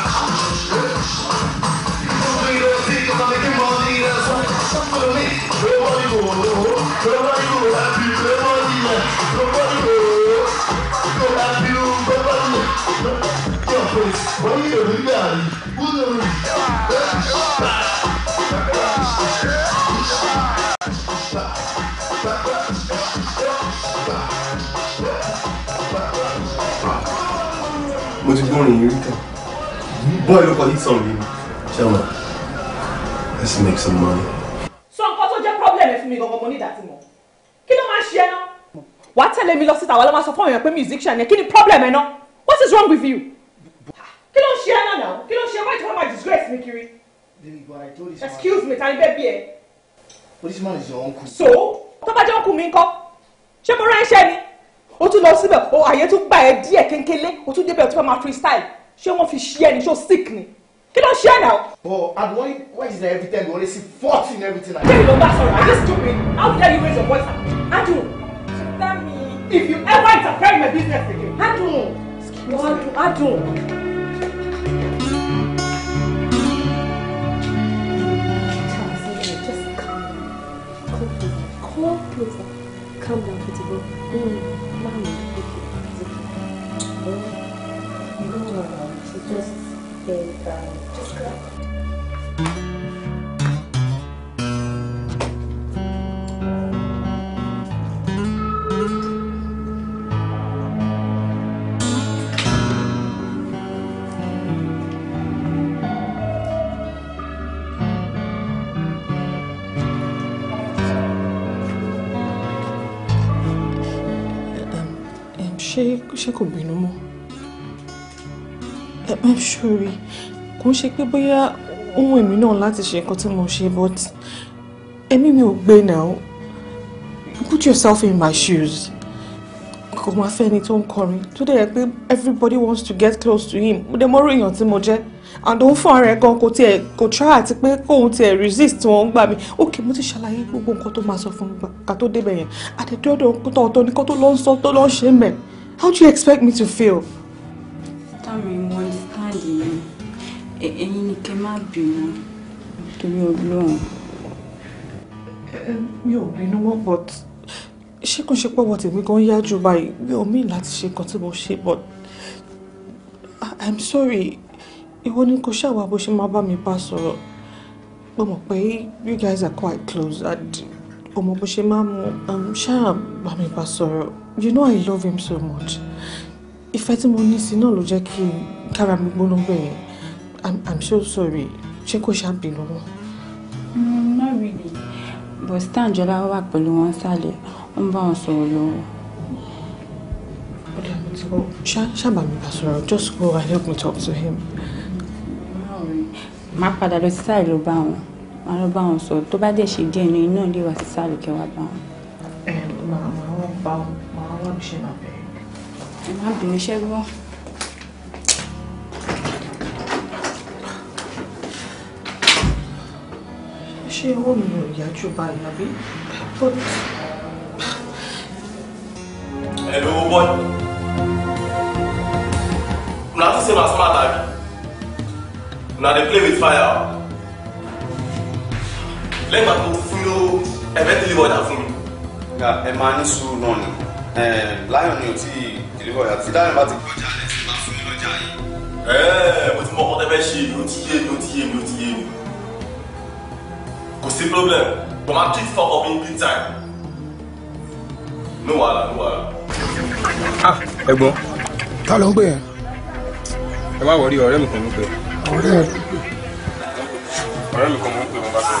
praise wọ́n yẹ èmi ní àyè wúlò rí ẹ̀kú ṣá mo ti gbórin song yìí ni. let's make some money. sọ nǹkan tó jẹ́ problem ẹ̀ fún mi gangan mo ní ìdàtí mọ̀ kí ló máa ń ṣe ẹ náà. wàá tẹ̀lé mi lọ síta wàá lọ́ máa sọ fún èèyàn pé musician yẹn kí ni problem ẹ náà what is wrong with you kí ló ń ṣe ẹ́ náà kí ló ń ṣe ẹ́ why do you want my disgrace mi kiri. baby but I told you. excuse me tani bẹ́ẹ̀ bí ẹ. but this man is your uncle. so tó bá jẹ́ uncle mi ńkọ́ ṣé mo ránṣẹ́ ni o tún lọ síbẹ̀ o àyè tún gbà ẹ́ díẹ̀ kéńkélé o tún débẹ̀ o tún fẹ́ máa freestyle ṣé wọ́n fi ṣí ẹ ní ṣó sick ni kí ló ń ṣe ẹ náà. but and why why is there every time you only see fault in everything I do. kí ló bá sọ̀rọ̀ are you stupid how dare you raise your voice at tell me if you ever interfere in my business again. Excuse me. adùn adùn. Come down, pretty boy. Mm. Mommy, okay, it's okay. Well, you know, uh, she just, they, um, just go. ṣé kò bínú mọ́ ẹ ẹ ṣòrí kò ń ṣe pé bóyá ohun èmi náà láti ṣe nǹkan tí mo ṣe but ẹ̀mí mi ò gbé now put yourself in my shoes kò máa fẹ́ ẹni tó ń kọrin tó dẹ̀ yẹ pé everybody wants to get close to him mo dẹ̀ mọ́ ròyìn tí mo jẹ́ and òun fún ara ẹ̀ gan kò tiẹ̀ kò try àti pé kóun tiẹ̀ resist wọn gbà mí ok mo ti ṣàlàyé gbogbo nǹkan tó máa sọ fún mi ká tó débẹ̀ yẹn àtẹ̀dọ́dọ̀ kótó ọ̀tọ̀ ní kó tó lọ́ ń sọ tó lọ́ ń ṣe mẹ́ẹ̀. How do you expect me to feel? Tami, mo understand yín. E, ẹ̀yin ni kẹ́ má bínú. Torí Ọlọ́run. Mi you bínú mọ́ but ṣé kò ṣe pé wọ́n tèmi gan yá jù báyìí mi ò mean that she nǹkan tí mo ṣe but I'm sorry It ni kò ṣàwà bó ṣe máa bá mi but you guys are quite close and ọmọ bó ṣe máa mu um, ṣáà bá mi bá sọ̀rọ̀ you know I love him so much ìfẹ́ tí mo ní sí náà ló jẹ́ kí kára mi gbóná bẹ́ẹ̀ I'm so sorry ṣé kò ṣáà bínú wọn. Mm, not really but stan jọlá wà pẹ̀lú wọn sálẹ̀ ó ń bá wọn sọ̀rọ̀ lọ́wọ́. ọ̀dà mi ti wọ ṣáàbà mi bá sọ̀rọ̀ just go and help me talk to him. má padà lọ sí sáà ló bá wọn máa lọ bá wọn sọ tó bá dẹ̀ ṣe díẹ̀ ní iná lè wá sí sáàlù kẹwàá bá wọn. ẹ màá màá wọn bá wọn màá wọn ṣe máa bẹ̀rẹ̀. ẹ má bínú iṣẹ́ gbọ́. ṣé owó mi ò yá jù báyìí àbí? ẹ lówó bọ́ọ̀lù. Una see same as mad abi. Una dey play with fire lẹ́gbàá tó fún mi ẹ̀fẹ́ ti deliver fún mi. ẹ máa ní sùúrù náà ni láyọ̀ ni ò tí ì deliver tí láyọ̀ bá ti gbọ́jà lẹ́ ti máa fún mi lọ́jà yìí. ẹ mo ti mọ ọkọ tẹfẹ ṣe mi ó ti yé mi ó ti yé mi ó ti yé mi kò sí problem but my treat for up in big time no wahala no wahala. Ah, ẹ̀gbọ́n. ta ló ń gbé yẹn ẹ má wọrí ọ̀rẹ́ mi kan ló pè. ọ̀rẹ́ mi kan ló pè. ọ̀rẹ́ mi kan ló pè mo bá sọ.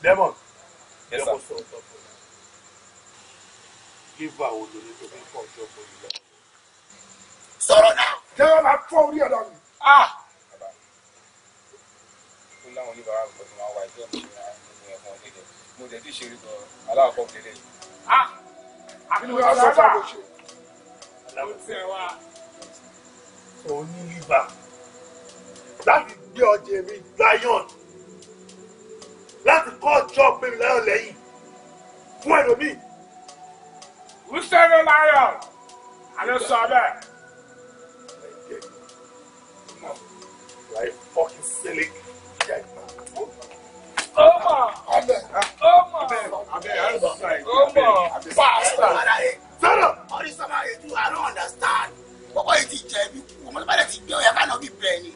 Demon. Yes, sir. Give her what you need to be for job for you. Sọ̀rọ̀ náà. Jẹ́wọ́n máa fọ́ orí ọ̀dọ́ mi. Ah! Bàbá, ó láwọn oníbàárà nǹkan tó máa wà ìjọ mi ní àwọn ẹ̀fọn òdìdẹ. Mo dẹ̀ ti ṣe rí gan aláwọ̀ kan délé. Ah! Àbí ni mo yọ ọ́ sábà. Àlàó tí ẹ wá oní liver láti gbé ọjà èmi lion láti kọ́ ọjọ́ pé mi lion lẹ́yìn fún ẹlòmíì. wúṣẹ́ni lion àlọ́ sọ bẹ́ẹ̀. Like fucking silly. Yeah. Oma! Abe! Oma! Abe! Abe! Abe! Oma! Bastard! Shut up! All this stuff I do, I don't understand bọ́bọ́ yìí ti jẹ ibi kú ọmọ tó bá dẹ̀ ti gbé ọyà ká bí bẹ́ẹ̀ ni.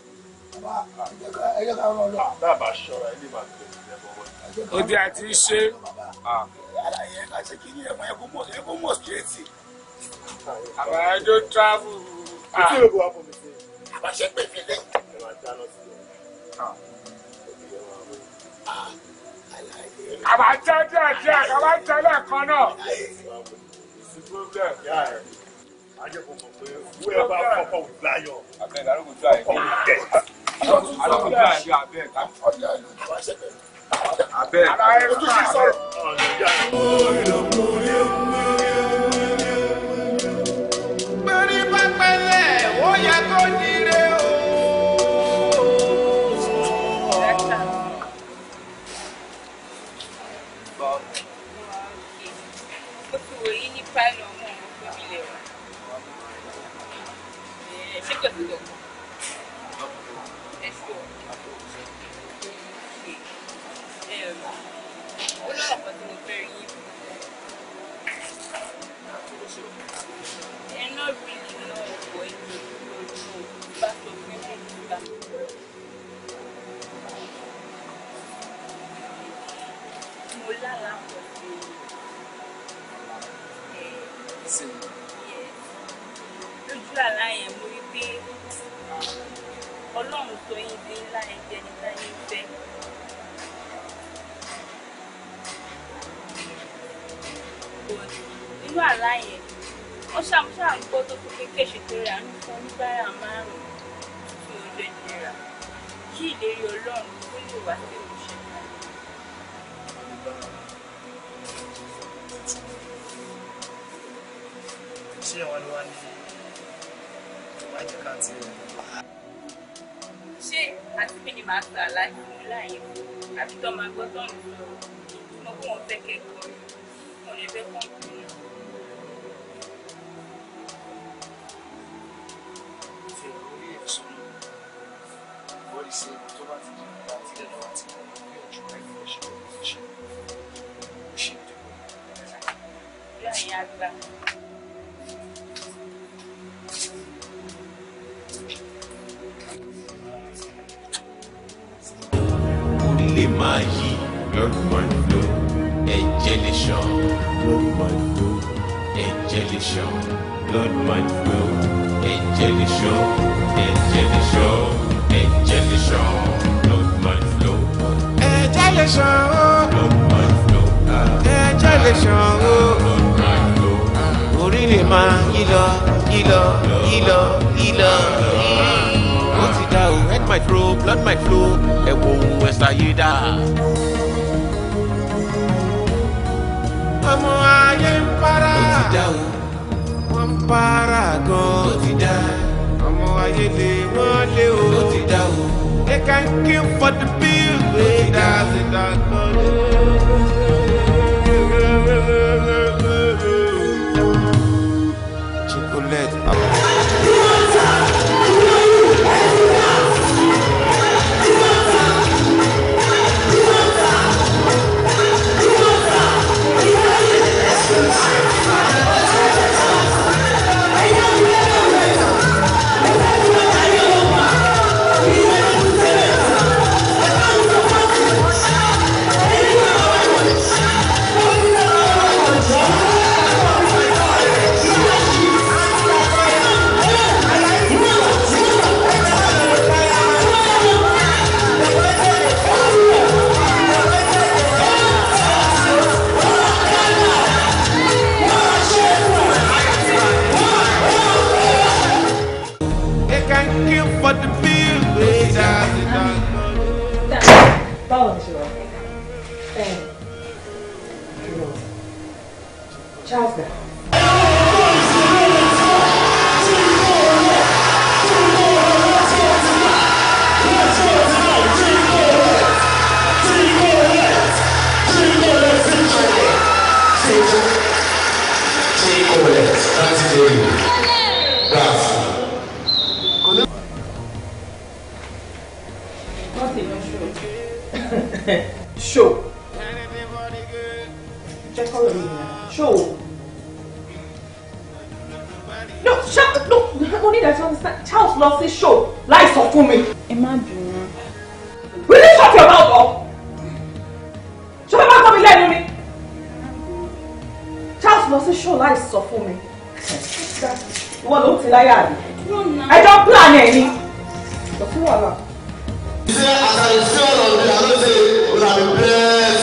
dábàá àti ṣe. àlàyé ẹ̀ka àbáṣe pè mí lẹ. àbájáde àti àkàbájáde kan náà whoever couple with lion, couple with death. I don't go try again, I beg. I beg. I beg. Bẹ́ẹ̀ni pápẹ́lẹ̀ ó yẹ kó dire o. sí i. lójú àlá yẹn mo rí pé ọlọ́run tó yín dé láì jẹ́ nígbà yín fẹ́. nínú àlá yẹn wọ́n ṣàmúṣàmú gbọ́ tó fi kékeré ṣètò àánú fún oníbàárà márùn-ún tuntun ọjọ́ ìlera kí ìlérí ọlọ́run tó lè wá sí ṣé wọn wá ní ìwádìí kan ti rẹ̀. ṣé àti mi ni màá gbà láti mú láàyè àbí tó máa gbọ́ tọ́nù lọ mo kó wọn fẹ́ kẹ́kọ̀ọ́ mo lè fẹ́ kọ́ńtù. recebo toda a Blood might flow. Ẹ̀jẹ̀ lè Blood might flow. Ẹ̀jẹ̀ lè Blood might flow. Ẹ̀jẹ̀ lè ṣàn. Ẹ̀jẹ̀ lè ṣàn. Blood might flow. Ẹ̀jẹ̀ lè ṣàn. Blood money flow. Ẹ̀jẹ̀ lè ṣàn. Blood money flow. Orí lè máa yí lọ yí lọ yí lọ yí lọ head might flow blood might flow ẹ̀wọ̀n ohun ẹ̀sà yé dáa. ọmọ ayé ń para wọ́n ń para gan-an ọmọ ayé lè wọ́n lé o they can give for the bill. Hey, that's it, that's it. Show. Check kọ́lọ̀ mi nìyà ṣó no ṣá no only ní ìdájọ́ understand Charles lọ his show. láì sọ fún mi. ẹ má really shut your mouth up ṣé bá bá gbọ́ mi lẹ́nu Charles lọ his show. láì sọ fún mi wọ́n ló I don't plan any. What's kò sí He said, as I fell on the, I don't say, when blessed.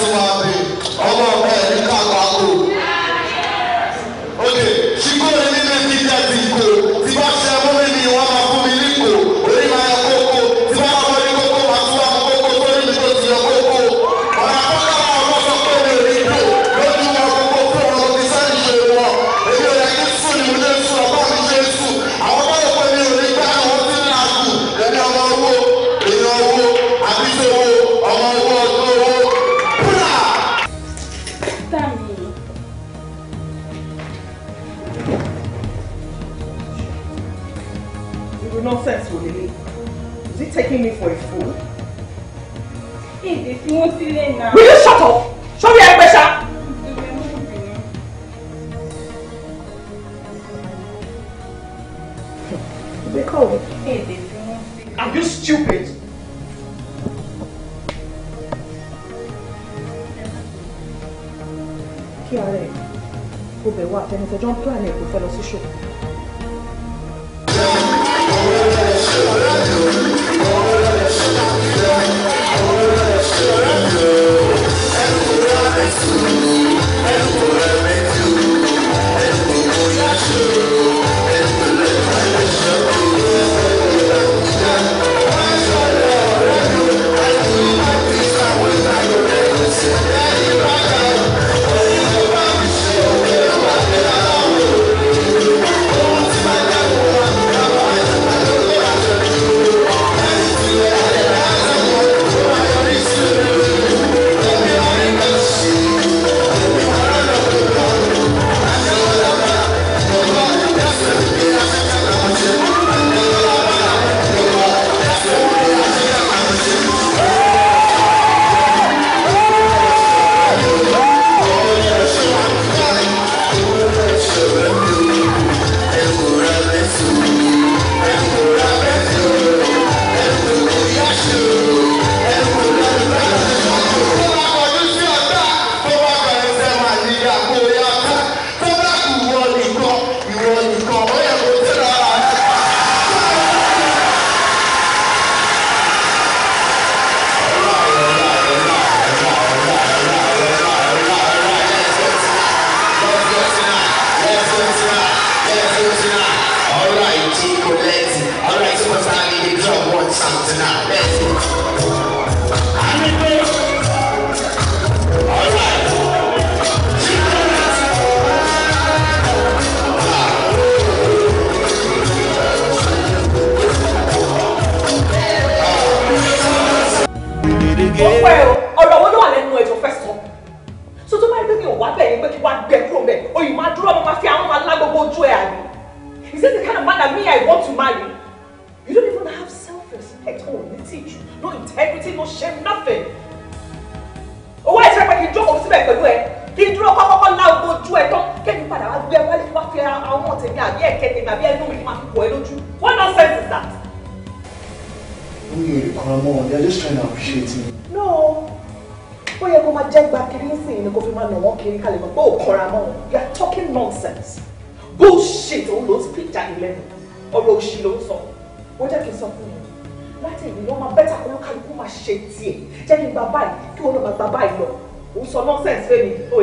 tenir compte de l'emploi, pour faire aussi chaud.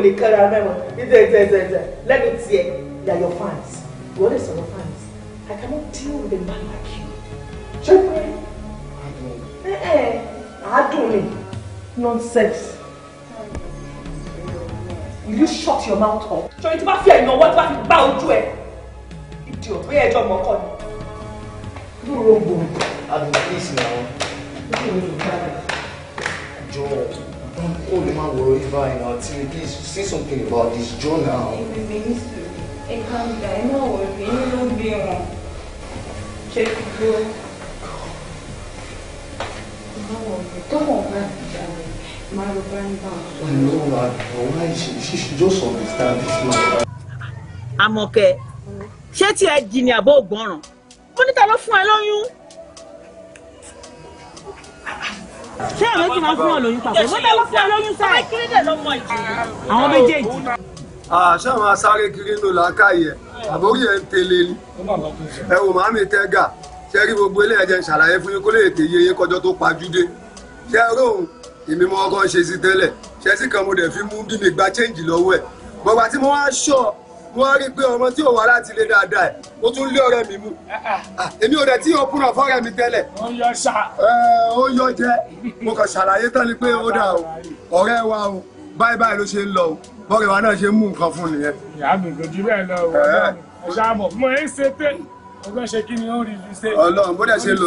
lè kára mẹ́mọ́ ìtẹ̀ ìtẹ̀ ìtẹ̀ ìtẹ̀ lẹ́nu tiẹ̀ they are your fans wọ́n lè your fans I cannot deal with a man like you. ṣé me. Eh? ẹ àádùn ni nonsense. Will you shut your mouth up? Ṣé tí bá fi ẹ̀yìn ọwọ́ tí bá fi gbá ojú ẹ̀? Ìdí ò bóyá ẹjọ́ mọ́kọ́ do Lóòrò gbòòrò. Àbí kí n sì náà. Ó sì kó lè máa wòrò yín báyìí náà tí please say something about this journal. ìgbìmọ̀ ní sùúrù ẹ̀ka ìgbà ẹ̀ náà wò rí inú ló gbé wọn ṣe fi gbó. tọ́wọ̀ bá ti jà rẹ̀ máa lọ bá ń bá wọn. no why she should just understand this man. Àmọ̀kẹ́ ṣé tí ẹ jì ní àbọ̀ ògbọ́ràn mo níta ló fún ẹ lóyún. ṣé àwọn méjì máa ń fún ọ lóyún papọ̀ bó tẹ́wọ́ fún ọ lóyún sáà. àwọn méjèèjì. ṣé àwọn asáré kiri ń lò lákàyè àbórí ẹ̀ ń tẹ̀lé ni ẹ wò máa mi tẹ́ gà ṣé rí gbogbo ilé ẹ̀jẹ̀ ń ṣàlàyé fún yín kó lè tè yé yín kọjọ́ tó pajú dé ṣé róhùn èmi mo kọ́ ṣe sí tẹ́lẹ̀ ṣé sì kan mo dẹ̀ fi mú bí mi gba change lọ́wọ́ ẹ̀ gbọ̀gbà tí mo wá ṣọ́ọ̀ wọ́n rí pé ọmọ tí ò wá láti lé dáadáa ẹ̀ ó tún lé ọ̀rẹ́ mi mú ah, ah. èmi ò dẹ̀ tí ó kúnra fọ́rẹ́ mi tẹ́lẹ̀ ó yọ ṣá mo kàn ṣàlàyé tán ni pé ó dà o ọ̀rẹ́ wa o báyìí báyìí ló ṣe ń lọ o bọ́ọ̀rẹ́ wa náà ṣe ń mú nǹkan fún nìyẹn. ìyá mi kò jù bẹ́ẹ̀ lọ o ọ̀ṣà mo ń ṣe pé ọgbọ́n ṣe kí ni ó rí ibi ṣe. Ọlọ́run bó dẹ̀ ṣe lò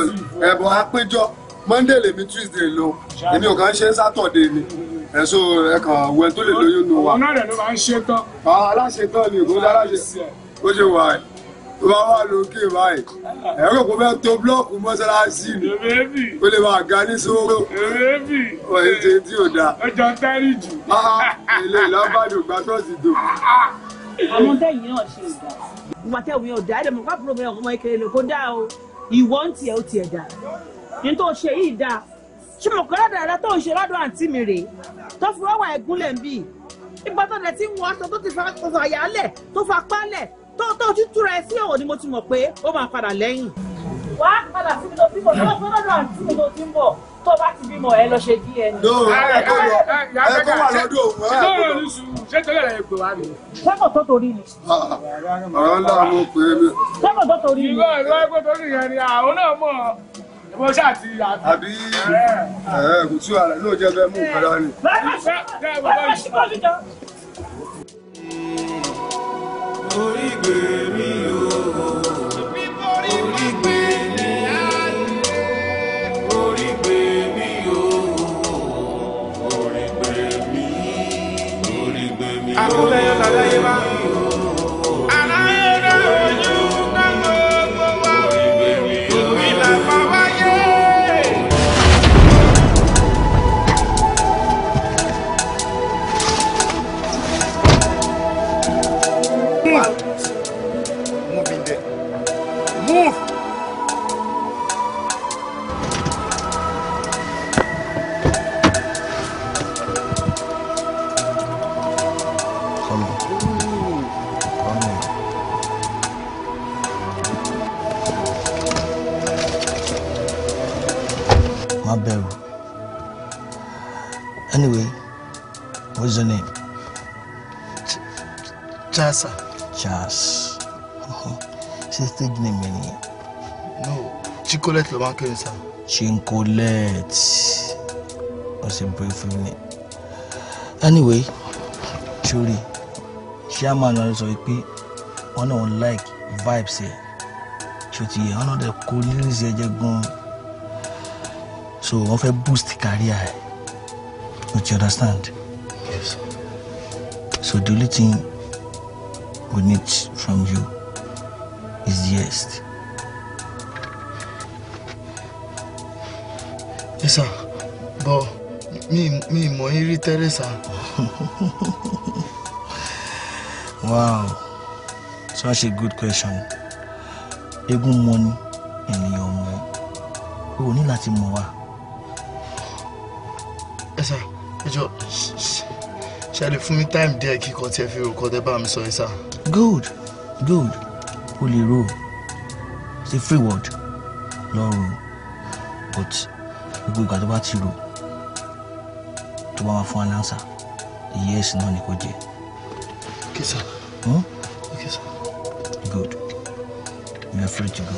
ẹbùn àpéjọ Monday lèmi Tuesday lò èmi ò kàn ń ṣe Saturday ni ẹ̀sùn rẹ̀ kan wẹ̀ tó lè lóyún nù wa. ọ̀nà rẹ̀ ló máa ń ṣe tán. aláṣẹ tán ni kò dára ṣe bó ṣe wà yìí tó bá wà lókè báyìí ẹ̀rọ kò fẹ́ tó búlọ́ọ̀kù mọ́ṣáláṣí ni ó lè máa ga ní sóró ọ̀yẹ́ ṣe tí ò dáa. ọjọ́ tẹ́rì jù. ilé ìlàbàdàn gba tọ́sí tó. àwọn tẹ́yìn náà ṣe ò dáa ìwà tẹ́wìn ò dáa ẹ̀dẹ̀mọ̀ pápúrò mi ọ̀gbọ́n ìkẹlẹ̀ lè o ìwọ́n tiẹ̀ ó tiẹ̀ ṣé mo kọ́ ládàá tó ń ṣe ládùn àǹtí mi rèé tó fi wáwà ẹ̀gúnlẹ̀ ń bì ìgbà tó dẹ̀ ti ń wọ aṣọ tó ti fa àyálẹ̀ tó fa pálẹ̀ tó tó ti túra ẹ sí òwò ni mo ti mọ̀ pé ó máa padà lẹ́yìn. wá padà síbi tó bímọ tó fẹ́ lọ́dọ̀ àǹtí mi tó ti ń bọ̀ tó bá ti bímọ ẹ lọ ṣe DNA. ẹ kó lọ ẹ kó wà lọ́dọ̀ òun. ṣé tó lọ lùsù ṣé tó ni. sẹ́kọ̀ tó torí ni. ọ̀rọ̀ ńlá é mi. sẹ́kọ̀ wo ṣáà ti àbí. àbí ẹ kò tú ara ló jẹ bẹ mú ìpẹlẹ ni. orí gbè mí o orí gbè mí orí Charles. Charles. Ṣé stage name mi nìyẹn? No, Chicolette ló máa ń kéré sá. Chicolette. What's a brief name? Anyway, sorry, chairman náà sọ pé wọ́n náà like vibes ẹ̀ ṣó ti yẹ wọ́n náà dẹ̀ kó release So wọ́n fẹ́ boost career ẹ̀. Don't you understand? Yes. So the only thing we need from you is yes. Yes, sir. But me, me, Moiri Teresa. Wow. Such a good question. A good money in your O We láti nothing more. Yes, sir. ẹ jọ ṣe lè fún mi táìmù díẹ̀ kíkọ́ tí ẹ fi rò kọ́ tẹ́ bá mi sọ ẹ sà good good Holy lè It's a free word No ro but gbogbo ìgbà tó bá ti ro tó bá wá fún announcer yes náà ni kò jẹ. okay sir. Hmm? okay sir. good you are free to go.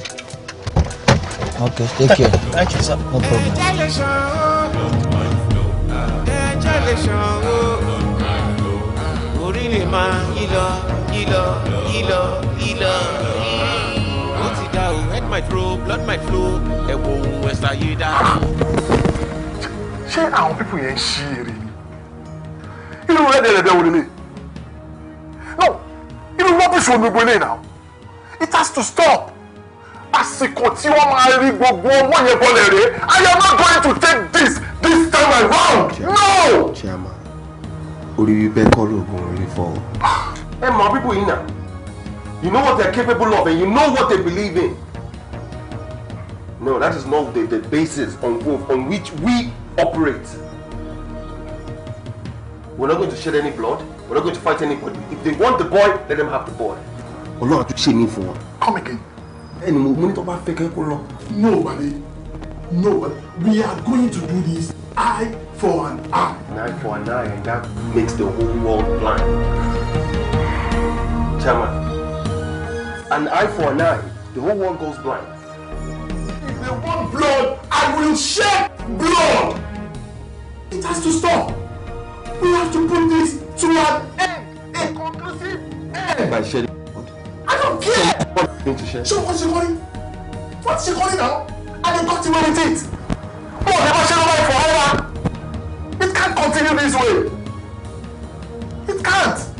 okay take care. thank you sir. no problem. ẹ̀jẹ̀ lè lè ṣan o orí lè máa yí lọ kìlọ̀ kìlọ̀ kìlọ̀ ó ti dá o head my flow blood my flow ẹ̀wọ̀ ohun ẹ̀sà yé dá. ṣé àwọn pípù yẹn ń ṣí eré ni irú rẹ́dẹ̀rẹ́dẹ́ wo lélẹ̀ no irú rubbish wo ni gbogbo náà it has to stop àsìkò tí wọ́n máa rí gbogbo owó yẹn bọ́lẹ̀ rèé I am not going to take this this time around no. orí bíbẹ́ kọ́ lóògùn orí fọ́ ẹ mọ people yìí náà you know what they are capable of and you know what they believe in no that is not the the basis on on which we operate We're not going to shed any blood We're not going to fight anybody if they want the boy let them have the boy. Oh Lord, tún ṣe me for wọn. come again. ẹni mo mú ní tó bá no nobody. no we are going to do this eye for an eye. an eye for an eye and that makes the whole world blind. Chairman, an eye for an eye, the whole world goes blind. If they want blood, I will shed blood! It has to stop! We have to put this to an end! A conclusive end! By shedding blood? I don't care! What are you going to shed? So what's she calling? What's she calling now? And the doctor him with it! God oh, never shed life forever! It can't continue this way! It can't!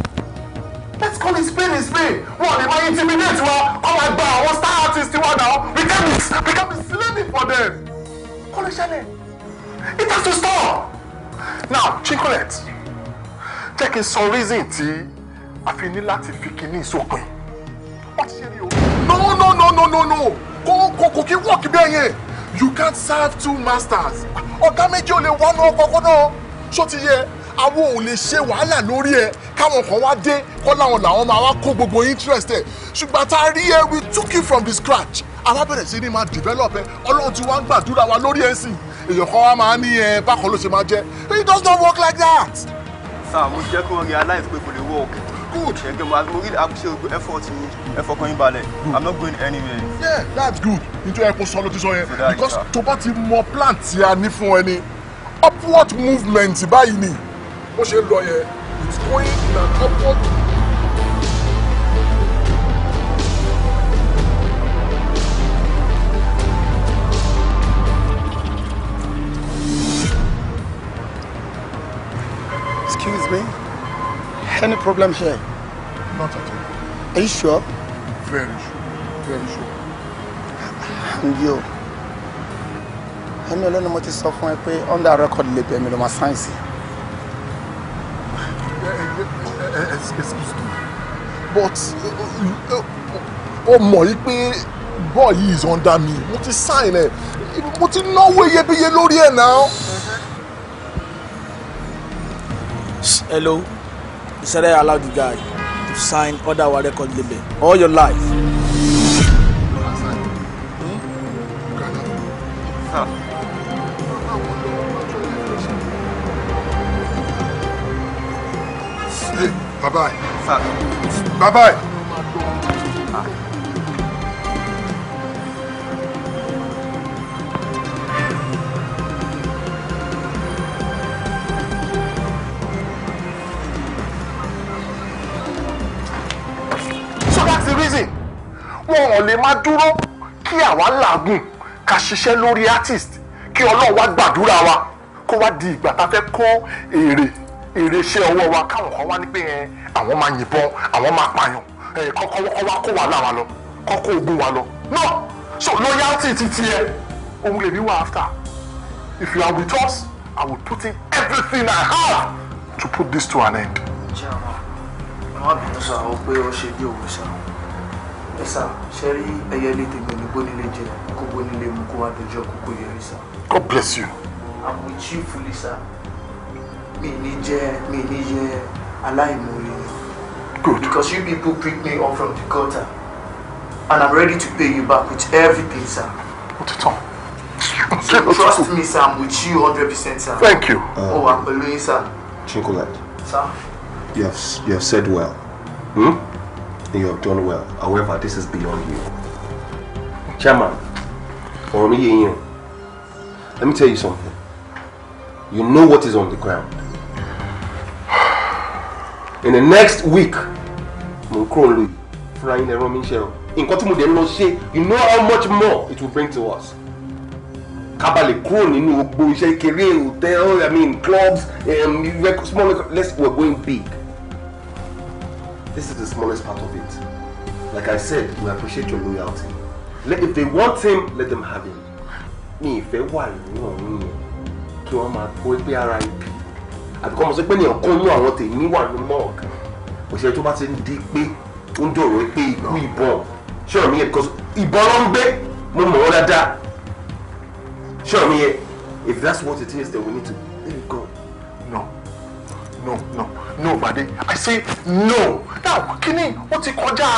let's call a spade a spade wọn ò lè intimidate wa kọ́ máa gba àwọn star artist, tiwa náà we can be we can be slaving for them kó it has to stop now Chicolet jẹ́ kí n sọ reason tí a fi ní láti fi kinní ìsopin wọ́n ti ṣe ní o. no no no no no no kò kò kò kí wọ́ọ̀kì bẹ́ẹ̀ yẹn you can't serve two masters ọ̀gá méjì ò lè wọnú ọkọ̀ kọ́nà ṣó ti yẹ àwọn ò lè ṣe wàhálà lórí ẹ káwọn kan wá dé kọ́ láwọn làwọn máa wá kó gbogbo interest ẹ ṣùgbọ́n tá a rí ẹ we took you from the scratch alábẹ̀rẹ̀ sí ni máa develop ẹ ọlọ́run ti wá ń gbàdúrà wa lórí ẹ sí èèyàn kan wá máa ní ẹ bákan ló ṣe máa jẹ it does not work like that. sir mo jẹ́ kí wọ́n realize pé kò lè work good. Ẹgbẹ́ mo mo really appreciate effort yín ẹ̀fọ́ kan yín balẹ̀. I'm not going anywhere. Yeah, that's good. Nítorí ẹ̀kọ́ sọ ló ti sọ yẹn. Because tó bá ti mọ plant tí a ní fún ẹni, upward movement báyìí ni bó ṣe lọ yẹn it's going in an upward. Excuse me. Any problem here? Not at all. Are you sure? Very sure. Very sure. And you? Ẹni ọlọ́run mo ti sọ fún ẹ pé under record label mi ló máa sáyẹ̀nsì excuse me but ó mọ̀ yí pé boy yìí is under me mo ti sign ẹ̀ mo ti náwó iyebíye lórí ẹ̀ náà. hello ìṣẹ̀lẹ̀ alájú guy you sign other wa record label all your life. Bye bye. ẹ̀. Bye bye. so that's the reason wọn ò lè máa dúró kí àwa làágùn ká ṣiṣẹ́ lórí artist kí ọlọ́run wá gbàdúrà wa kó wá di ìgbà tá a fẹ́ kó èrè èrè iṣẹ́ wa káwọn kan wá ní pé àwọn máa yìnbọn àwọn máa pààyàn kọ́kọ́ wá kó wa lára lọ kọ́kọ́ ogun wa lọ no so loyalty ti tiẹ̀ òun lèmi wà after if you are with us I will put in everything I have to put this to an end. ǹjẹ́ àwọn àwọn àbínú sọ àwọn pé ó ṣe bí òwe sá ẹ sá ṣe rí ẹyẹlé tèmi ní gbónílé jẹ kó gbónílé mu kó wá dojú ọkọ kó yẹrí sá. God bless you. I'm with you fully sir mi ní jẹ́ mi ní yẹ aláìmoore ni. good because you people pick me up from the gutter and i'm ready to pay you back with everything sir. ó ti tán. so trust me sir i'm with you hundred percent sir. thank you. ó wà pẹ̀lú yín sir. chocolate. sir. you have you have said well. Hmm? You have done well. However, this is beyond you. Chairman, for me, let me tell you something. You know what is on the ground in the next week mo ń kúrò lóyè fúnra yín ẹ̀rọ mi ń ṣe o nǹkan tí mo dẹ̀ ń lọ ṣe you know how much more it will bring to us kábàlẹ̀ kúrò nínú gbogbo iṣẹ́ kéré hotel i mean clubs um, small let's we're going big this is the smallest part of it like i said we appreciate your loyalty let, if they want him let them have him mi ìfẹ́ wà nínú ọ̀run yẹn kí wọ́n máa kó pé ara ibi àbíkọ́ mo sọ pé ènìyàn kún inú àwọn tèmi wà ní morgue òṣèré tó bá ti ń di pé ó ń dọ̀rọ̀ pé ikú ìbọn ṣọ́ọ̀ mi yẹ because ìbọn ló ń gbé mo mọ̀ ọ́ dáadáa ṣọ́ọ̀ mi yẹ if that's what it is then we need to let it go. no no no no Bade I say no now kini ó ti kọjá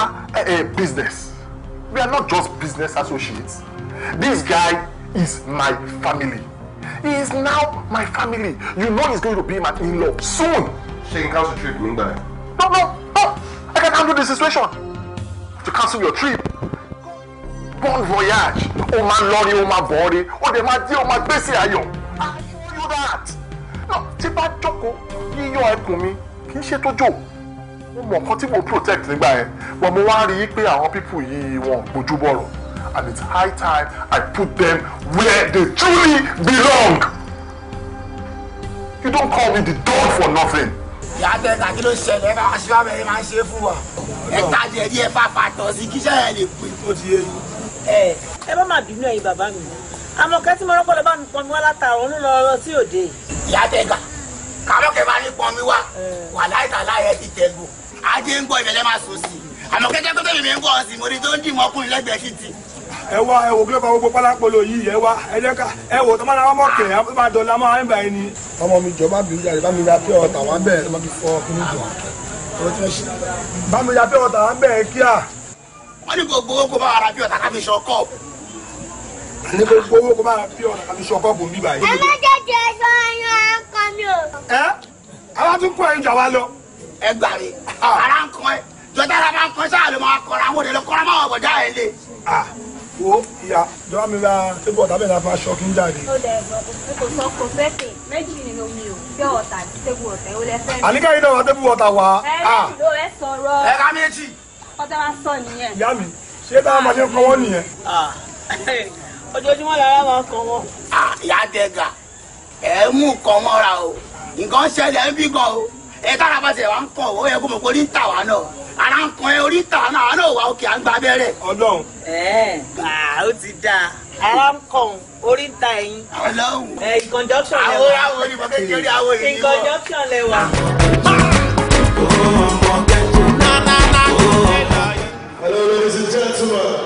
business we are not just business associates this guy is my family. He is now my family. You know he's going to be my in-law soon. Ṣé n cancel trip mi No, no, no. I can handle the situation. To cancel your trip. Bon voyage. Oh my lọrin, oh my body. Oh the máa jẹ́ o máa gbèsè ayọ̀. I tell you that. No, tí bá jókòó yíyọ ẹkùn mi kì í ṣe tó jò. Mo mọ̀ nǹkan tí mo protect nígbà yẹn. Wọ́n mo wá rí i pé àwọn pípù yìí wọn ò bọ̀rọ̀ and it's high time I put them where they truly belong. You don't call me the dog for nothing. ìyá kí ló ṣẹlẹ̀ ẹ bá wá síwájú máa ń ṣe fún wa ẹ tajà ẹ ẹ bá pàtó sí kí sẹ́yìn lè pè tó ti yé ẹ ẹ má bínú ẹ̀yin bàbá mi àmọ́ kẹtí mo rọpò lọ mi pọnmi wá látàrọ ń lọ ọ̀rọ̀ tí ò dé. bá ní pọnmi wá wà láìta láyẹ ti tẹ̀gbọ̀ ajé ń gbọ́ ìbẹ̀lẹ́ máa sùn sí àmọ́ kẹ́kẹ́ tó tẹ̀lé mi ń gbọ́ ọ̀sìn mo rí tó ń dì mọ́kùnrin lẹ́gbẹ̀ẹ́ ẹ wá ẹ wò kílọ̀fà gbogbo pálápolo yìí ẹ wá ẹ jẹ́ ká ẹ wò tó máa náà mọ̀ kẹ̀ ẹ máa dọ̀la máa ń bà ẹ ni. ọmọ mi jọ bá mi yà bá mi ra pé ọ̀tà wá bẹ́ẹ̀ ló fi fọ kíní jù bá mi ra pé ọ̀tà wá bẹ́ẹ̀ kíá. wọ́n ní gbogbo owó kó bá ara bí ọ̀tà ká fi ṣọ ní gbogbo owó kó bá ara bí ọ̀tà ká fi ṣọ kọ́ ẹ má jẹ́ jẹ́ sọ ẹyàn akọ mi o. ẹ àwọn tún kọ ẹ̀yìn jà lọ. ẹ gbà mí ara ń kọ ẹ jọta ara máa ń kọ sáà ló máa kọra àwọn òde ló kọra máa wọ̀ bọ̀dá ẹ lé wo ìyá ìjọba mi ra tébù ọ̀tá bẹ́ẹ̀ náà fa aṣọ kí n jáde. ó lẹ sọ kò sọ kò fẹ́ pè méjì nínú mi ò fẹ́ ọ̀tá tébù ọ̀tá ó lẹ fẹ́ mi. àníkà yìí náà wà tébù ọ̀tá wà. ẹ ẹ ló ẹ sọ̀rọ̀. ẹ ká méjì. ọtá máa sọ nìyẹn. ìyá mi ṣé táwọn máa ṣe ń kọ wọn nìyẹn. ojoojúmọ́ lára máa kọ wọn. ìyá dẹ́gà ẹ̀ mú nǹkan mọ́ra o nǹkan ṣẹlẹ̀ ń bí gan o ẹ tára ṣe wà ń kọ ó yẹ mọ̀ pé orí ń tà náà ara ń kan ẹ orí ń náà àánú òwà òkè à ń gba abẹ́rẹ́. Ọlọ́run. ẹ gbà ó ti dáa ara ń kọ orí ta ẹyin. Ọlọ́run. ẹ ìkọ̀njọ́pṣọ̀n lẹ́wà. àwọn àwọn onímọ̀ kékeré àwọn ènìyàn. ìkọ̀njọ́pṣọ̀n lẹ́wà. Hello, ladies and gentlemen.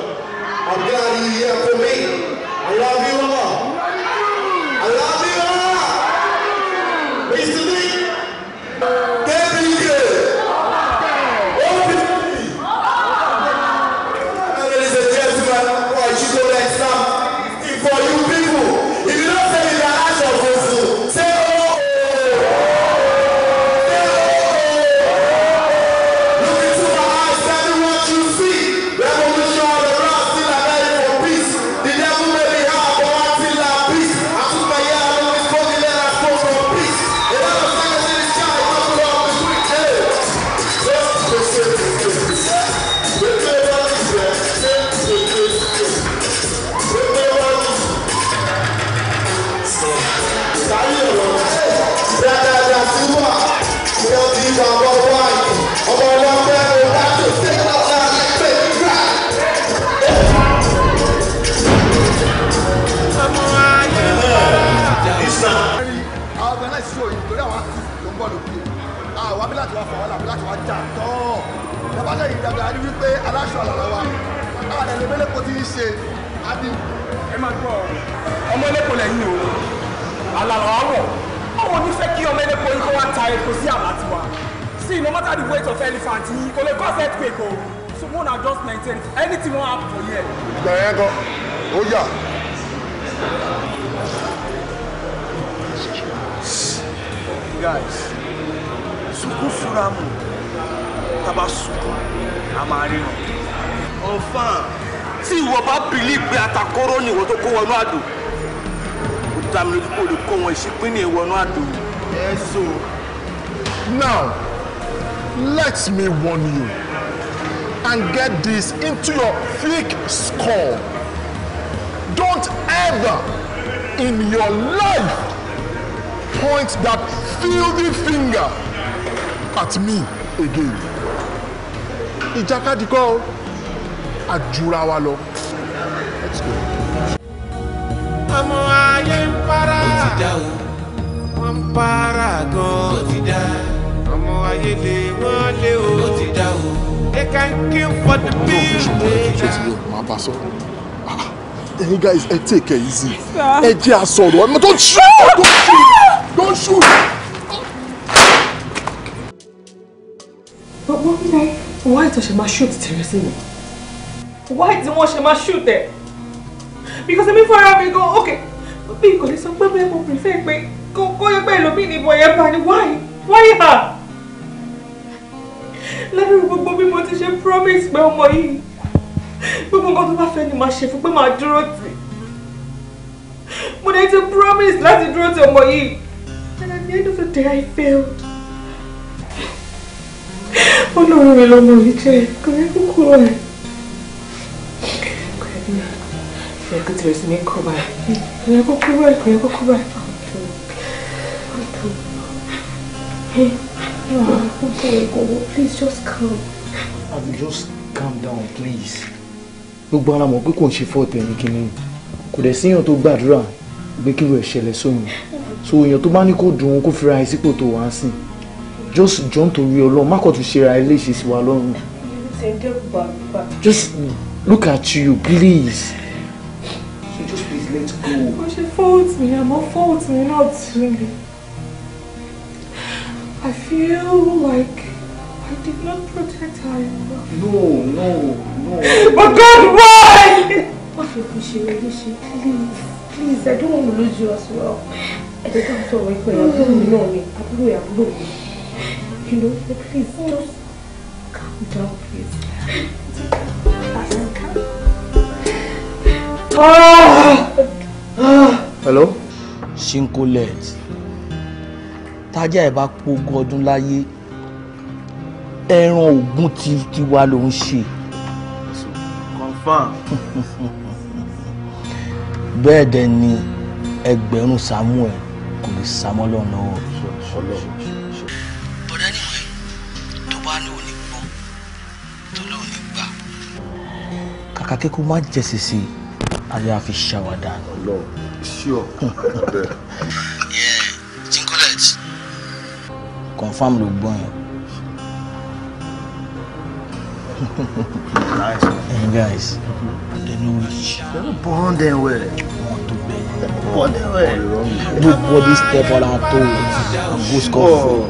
epo sí àlá tiwa see no matter the weight of elephant yìí kò lè cause earthquake o so mo na just maintain anything wan happen for here. ìgbà yẹn gan ó yà. guys sunkún fúnra mu taba sunkún a máa ríran. ọ̀fàn tí ìwọ bá bìlí pé atakọ́rọ́ ni ìwọ tó kó wọnú àdó ó dá mi wọn ìṣípínlẹ̀ wọnú àdó. ẹ sọ. Now, let me warn you and get this into your thick skull. Don't ever in your life point that filthy finger at me again. Ìjàkadì kọ́ ọ́ àjùra wa lọ. Let's go. Ọmọ ayé ń para. Ó ti dá o. Wọ́n ń para gan-an. Ó ti dá ayé lè wọ́n lé o. ó ti dá o. they can kill for the bill. ọmọ mi ṣe ti yẹ màá bá sọ ẹyin guys ẹ take it easy ẹ jẹ́ àsọ̀rọ̀ ẹ don't shoot don't shoot don't shoot. but wọ́n ní why tí wọ́n ṣe máa shoot tẹ̀rẹ́sì mi why tí wọ́n ṣe máa shoot ẹ̀ because èmi fara mi gan okay bí ìkọ̀lẹ́ sọ pé bẹ́ẹ̀ mo prefer pé kó kó yẹ pé ẹlòmíì ni ìbọn yẹn bá ní why why her lẹ́yìn gbogbo bí mo ti ṣe promise pé ọmọ yìí gbogbo nǹkan tó bá fẹ́ ni màá ṣe fún pé màá dúró tì mo dẹ̀ ti promise láti dúró tì ọmọ yìí and at the end of the day I failed ọlọ́run mi lọ́mọ yìí jẹ́ kò yẹ kó kúrò ẹ̀ kò yẹ kó yẹ kó tẹ̀lé sí mi kọ́ báyìí kò yẹ kó kúrò ẹ̀ kò yẹ kó kúrò ẹ̀. Oh, Please just calm. I'm just calm down, please. Gbogbo ara mọ̀ pé kò ń ṣe fọ́ tẹ̀yìn kìíní. Kò dẹ̀ síyàn tó gbàdúrà pé kí wọ́n ṣẹlẹ̀ sóyún. So èèyàn tó bá ní kó dùn ún kó fira ẹ sípò tó wá sí. Just jọ ń torí Ọlọ́run, má kàn tún ṣe ra ẹ léṣe sí wa lọ́rùn. Just look at you, please. So just please let go. Kò ṣe fault mi, àmọ́ fault mi náà tún mi. I feel like I did not protect her enough. No, no, no. But God, why? What if we should really she please? Please, I don't want to lose you as well. I don't want to wake you. I don't know me. I don't know. I don't know. You know, please, just calm down, please. Ah! Hello? Shinko tájà ẹ̀ bá pogun ọdún láyé ẹran ògùn ti tiwa ló ń ṣe. confam. bẹ́ẹ̀ dẹ̀ ni ẹgbẹ̀rún samuel kò lè sá mọ́ lọ́run lọ́wọ́. bọ̀dá nìwọ̀n tó bá ní gbọ́ tó lóun ní gbà. kàkà kíkú má jẹ́ sèse ayé àfi ṣàwádà. ọlọ́run ṣíọ. confam ló gbọ́ nice. And guys, they know which. Bond them well. Want to beg. Bond them well. Nobody step on our toe and go score for.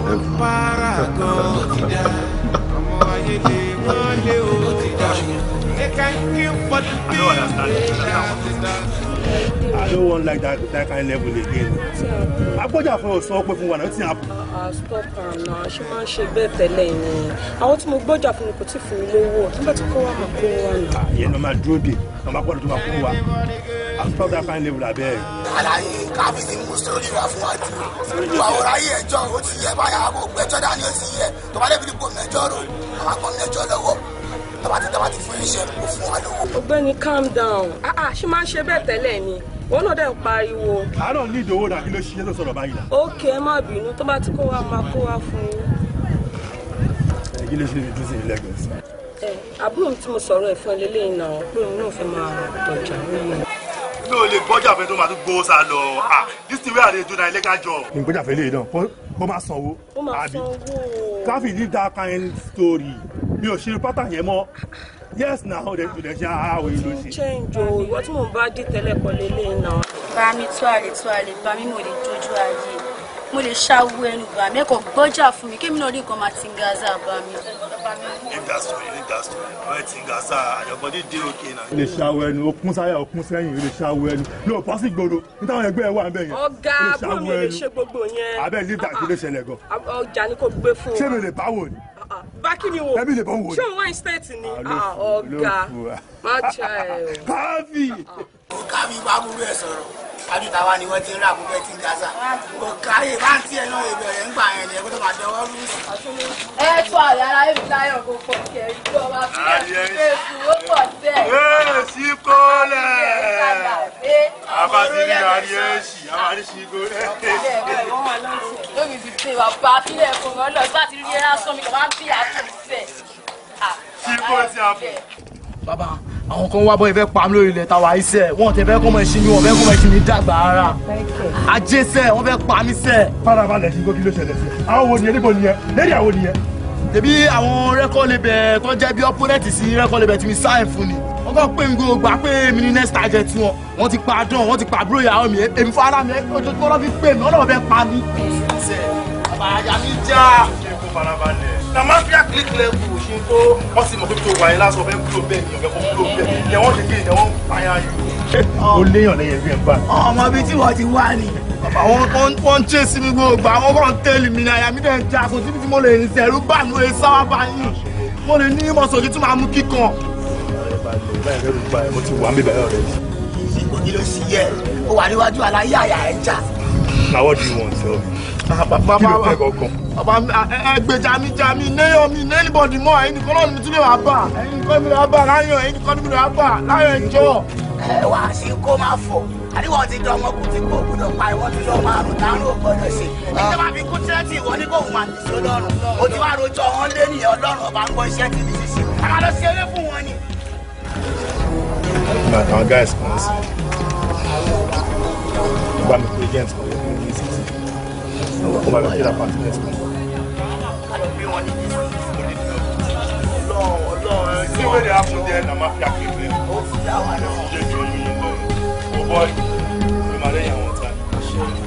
I don't understand. I don't want like that, that kind of level again. Agbọ́jà fún ọ̀sán ọpẹ́ fún wa náà ti hàn. Stop am na ṣé máa ń ṣe bẹ́ẹ̀ tẹ́lẹ̀ ni. Àwọn tí mo gbọ́jà fún mi kò tí fún mi lówó. Nígbà tí kò wá máa kó wa nù. Àyẹ̀ ló máa dúró dè, ló máa gbọ́dọ̀ tó máa kó wa. I'll stop that kind of level abẹ́. Àlàyé kábíyèsí mú sórí wa fún wájú. Àwọn ráyè ẹjọ́ ó ti yẹ báyà àwọn ògbẹ́jọ́ dání ó ti yẹ. Tọ́ba lẹ́bi ní kò mẹ́jọ́ rò, àwọn tọ́bátì tọ́bátì fún iṣẹ́ kò fún wa lówó. ọ̀gbẹ́ni calm down ah, ah ṣé máa ń ṣe bẹ́ẹ̀ tẹ́lẹ̀ ni wọn náà dẹ̀ ń pariwo. àárọ̀ ní ìdòwò náà kí ló ṣiṣẹ́ tó sọ̀rọ̀ báyìí la. ok ẹ má bínú tó bá ti kó wa máa kó wa fún yín. ẹ kí ló ṣe fi dúsìn ilé ẹgbẹ́ sí. ẹ àbúrò mi tí mo sọ̀rọ̀ ẹ̀fọn lélẹ́yìn náà àbúrò mi náà fẹ́ máa tọ̀jà lóye mi ò lè gbọ́jà fẹ́ tó máa tún gbowó sá lọ ah, this thing wey i dey do na illegal job. ìgbọ́jà fẹ́ lè dán bó máa sanwó àbí káfíń ní that kind story mi ò ṣe pátá yẹn mọ́ yes na o de o àwọn èlò ṣe. change o oh, ìwọ tí mò bá dé tẹ́lẹ̀ kọ́ lélẹ̀ náà. bá mi tó àlè tó àlè bá mi mo lè dojú ayé mo lè ṣàwọ ẹnu bá mi ẹkọ gbọ́jà fún mi kémi náà rí nǹkan máa ti ń gaza bá mi. leave that story leave that ti ń gaza àjọ̀gbọ́n dídé òkè náà. o lè ṣàwọ ẹnu o sáyà o sẹ́yìn o lè ṣàwọ ẹnu ní o pàṣẹ gbòòrò níta àwọn ẹgbẹ́ ẹ wà nbẹ yẹn. ọ̀gá bómi lè ṣe gbogbo yẹn. abẹ́ leave kí ló ah, ah. ṣẹlẹ̀ gan. ọjà ni kò gbé fún wa. ṣé mi lè báwo ni. Ah, bákí mi wò ṣé òun wáyé state ni ah, ah, ọ̀gá má ṣá ẹ̀ o. káfí. ọ̀gá mi bá mú rẹ̀ sọ̀rọ̀ ṣáájú táwa ni wọ́n ti ń rà púpẹ́ tí ń gaza kò káyè bá ń tiẹ̀ náà ìbẹ̀rẹ̀ ń gbà yẹn nìyẹn kó tó máa dọwọ́ rú sí. ẹ tó àlẹ́ ara yóò láyọ̀ kó pọ̀ kẹ̀rí tó bá fẹ́ẹ́ fèsì ó pọ̀ bẹ́ẹ̀. ee sí kólẹ̀ abadiri ari èsì amadi sí kólẹ̀. lórí ibi tí bàbá kílẹ̀ fún mi ọlọ́ọ̀ bá ti rí ẹ lásán mi kò máa ń bí àtúntì bẹ́ẹ̀. sí kó ti àbọ̀. Baba, àwọn kan wá bọ́ ìfẹ́ pa mí lórí ilẹ̀ tàwa iṣẹ́ wọn tẹ fẹ́ kọ́ mọ ẹṣin mi wọn fẹ́ kọ́ mọ ẹṣin mi dàgbà ara ajé sẹ́ wọn fẹ́ pa mí sẹ́. farabalẹ̀ ti gbọ́ kí ló ṣẹlẹ̀ sí àwọn wo nìyẹn níbo nìyẹn lérí àwọn nìyẹn. tèmi àwọn rẹ́kọ̀ tó jẹ́ bí ọ́pọ́nẹ́tì sí rẹ́kọ̀ lebẹ̀ mi sáì fún ni wọ́n kọ́ pé ngo gbà pé mi ní next target wọn wọ́n ti pa dán wọ́n ti pa bróyà ọ̀mì èmi fún ara mi ojoojúmọ́ lọ́ fi pè mí ọlọ́wọ́ fẹ́ pa mí bàbá ajá mi já. ṣé kó farabalẹ̀. na mafia click level ṣe ń kó wọ́n sì mọ̀ pé tó wà yín lásán fẹ́ kúrò bẹ́ẹ̀ ni ọ̀fẹ́ kúrò bẹ́ẹ̀ ni wọ́n ṣe kí ni wọ́n pààyà yìí. ó léyàn lẹ́yìn rí gbà. ọmọ bíi tí wọ́n ti wá ni. bàbá wọn wọn ń ṣe sí mi gbogbo àwọn kan tẹ́lẹ̀ mi ní àyà mi dẹ̀ já kò síbi tí mo bàbá bàbá guys kan sí gbàmí pé on va mettre la partenaire. See what they happen there in the mafia Oh, that one. Just show me. Oh boy, you marry your own time.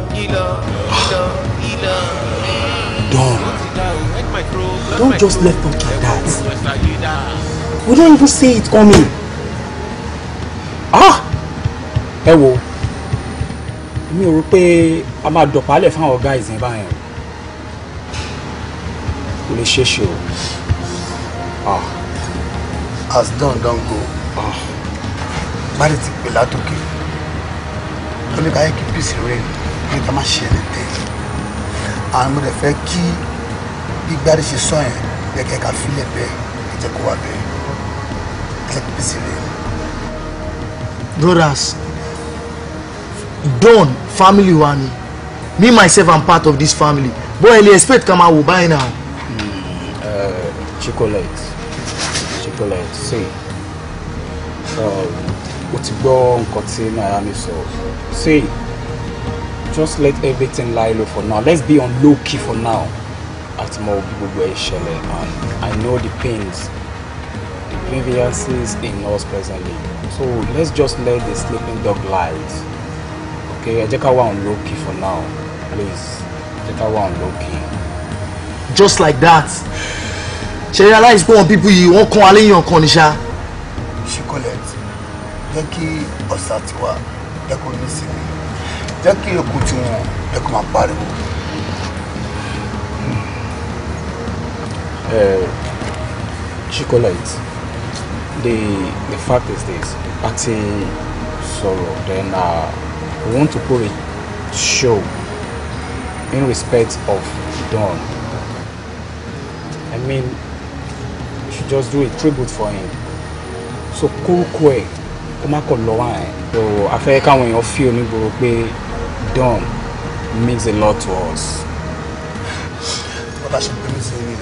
Don, don't just let talk like that. We don't even see it coming. Ah! Ẹ wo, mi ò rò pé a máa dọ̀pálẹ̀ fáwọn ọ̀gá ìsìn báyẹn o. Kò lè ṣeé o. Ah! As Don don go. Ah! Bá lè ti pè látòkè. Ó ní ká yẹ kí peace reign pé ká má ṣe ẹni tẹ àwọn mo dẹ̀ kí gbígbárí ṣe sọ yẹn gẹ́gẹ́ ká filẹ̀ bẹ́ẹ̀ ẹ kó wà bẹ́ẹ̀ ẹ bí sílẹ̀. brothers don family wa ni me myself am part of this family but ẹ expect ká máa buy now? Hmm, uh, chocolate chocolate see o um, ti gbọ́ nǹkan tí naira mi sọ see just let everything lie low for now let's be on low key for now àti mọ òbí gbogbo ẹ̀ ṣẹlẹ̀ and I know the pains the grievances in us presently so let's just let the sleeping dog lie okay ẹ jẹ́ ká on low key for now please ẹ on low key. just like that ṣe realize pé wọn bíbú yìí wọn kún aléyàn kan ní ṣá. ṣe Collect jẹ́ kí ọ̀sà tiwa jẹ́ kó ní jẹ́ kí èkó tiwọn ẹ kó máa pariwo. Eh, the the fact is this, the party sorrow, then uh, we want to put a show in respect of Don. I mean, we should just do a tribute for him. So kúrúkú ẹ̀ kó má kọ̀ lọ́wọ́ ẹ̀. So afẹ́ káwọn èèyàn fi onígboro pé done means a lot to us. But I should be missing it.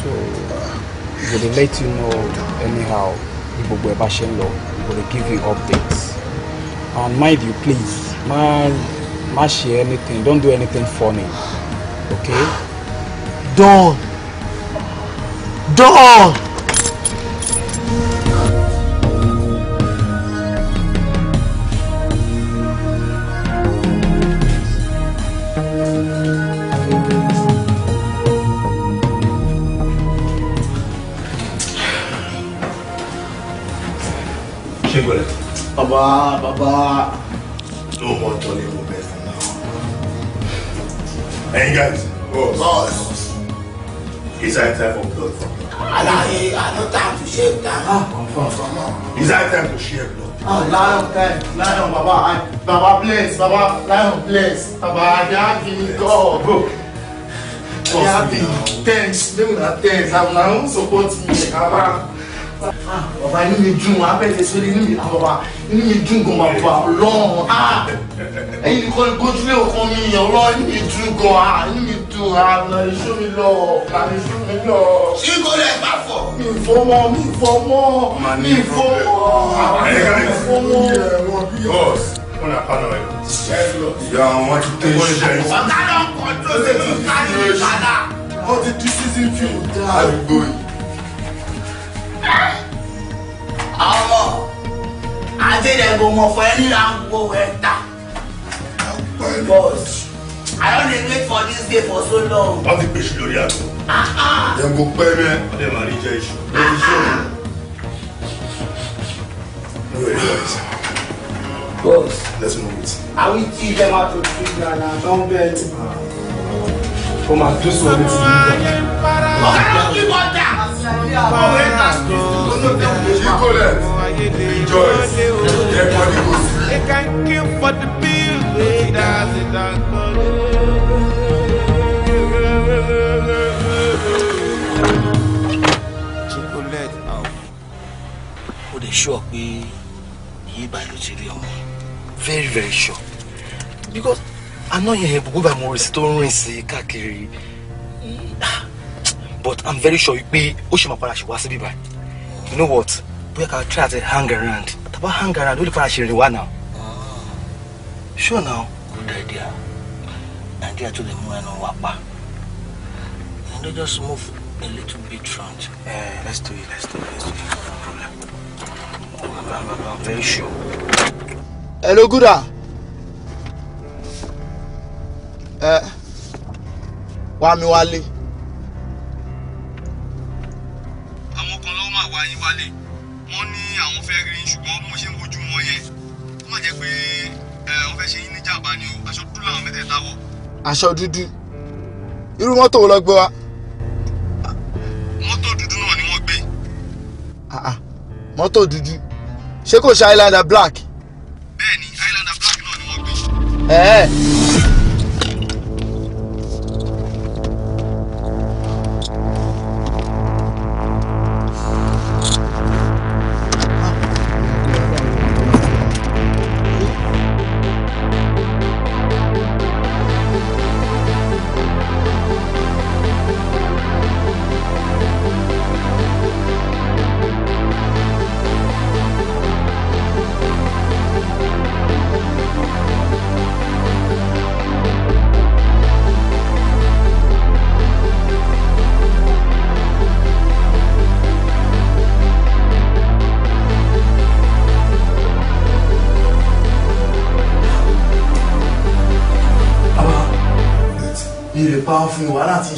So, uh, we let you know anyhow if we are Bashelo. We will give you updates. And mind you, please, man, man, share anything. Don't do anything funny. Okay? Done. Done. ṣe gbọ́dọ̀. bàbá bàbá ló no ọjọ́ lè mú bẹ́ẹ̀ fún náà. ẹ̀yin guys oh boss is that time of blood for me. alaye i no time to shave na. ah come on. is that time to shave blood. ah lion time lion baba ah, i baba please, baba lion bless baba ajayi god. go. Thanks, they will not thanks. I'm not supporting you bàbá inú mi dùn abẹ́fẹ́ sórí inú mi bàbá inú mi dùn gan bàbá ọlọ́run ẹ̀yin nìkan ni gbójúlé ọkàn mi ọlọ́run inú mi dùn gan inú mi dùn àná iṣu mi lọ àná iṣu mi lọ. ṣé kò lè bá fọ. mi fọmọ mi fọmọ mi fọmọ mi fọmọ on n'a pas d'oreille. Il y a un mois qui t'est cher. On a l'encontre de l'Ukraine, Pada. On dit, this is in film. I'm going. adé go mọ for any round go enter boss i don dey wait for this day for so long. wọ́n ti pèsè lórí àgbò. dem go pẹ́ mẹ́. wọ́n dẹ̀ máa rí jẹ́ iṣu. Ah, ah. boss. let's move it. àwọn ìtì ìjẹ́ máa tó tún ìgbà náà tó ń bẹ́ẹ̀ ni. ó máa tó sọ ti yín. ọ̀gá They can kill for the bill, they does it on Chocolate out. Ó dẹ̀ sure pé yìí báyìí Very very sure. Because àná yẹn gbogbo àmọ́ rẹ̀ sí tó ń rìn sí káàkiri but i'm very sure pé ó ṣe máa padà ṣe wá síbí báyìí you know what bóyá ká try to hang around tàbá hang around ó lè padà ṣe rìn wá now sure now. good idea nàìjíríà tó lè mú ẹnu wá pa and they just move a little bit round. Uh, let's do it let's do it let's do it no problem i'm i'm i'm very sure. hello guda. ẹ eh, wa mi wálé. máa wá yín wálé wọ́n ní àwọn fẹ́ rí yín mo ṣe ń wojú wọn yẹn ó má jẹ́ pé wọ́n fẹ́ ṣe yín ní jàǹbá ni o aṣọ dúdú làwọn mẹ́tẹ̀ẹ̀ta wọ̀. aṣọ dúdú irú mọ́tò wo lọ gbé wa. mọ́tò dúdú náà ni wọ́n gbé. Ah, ah. mọ́tò dúdú ṣé kò ṣe Highlander black. bẹ́ẹ̀ni Highlander black náà ni wọ́n gbé. ẹ̀ẹ́.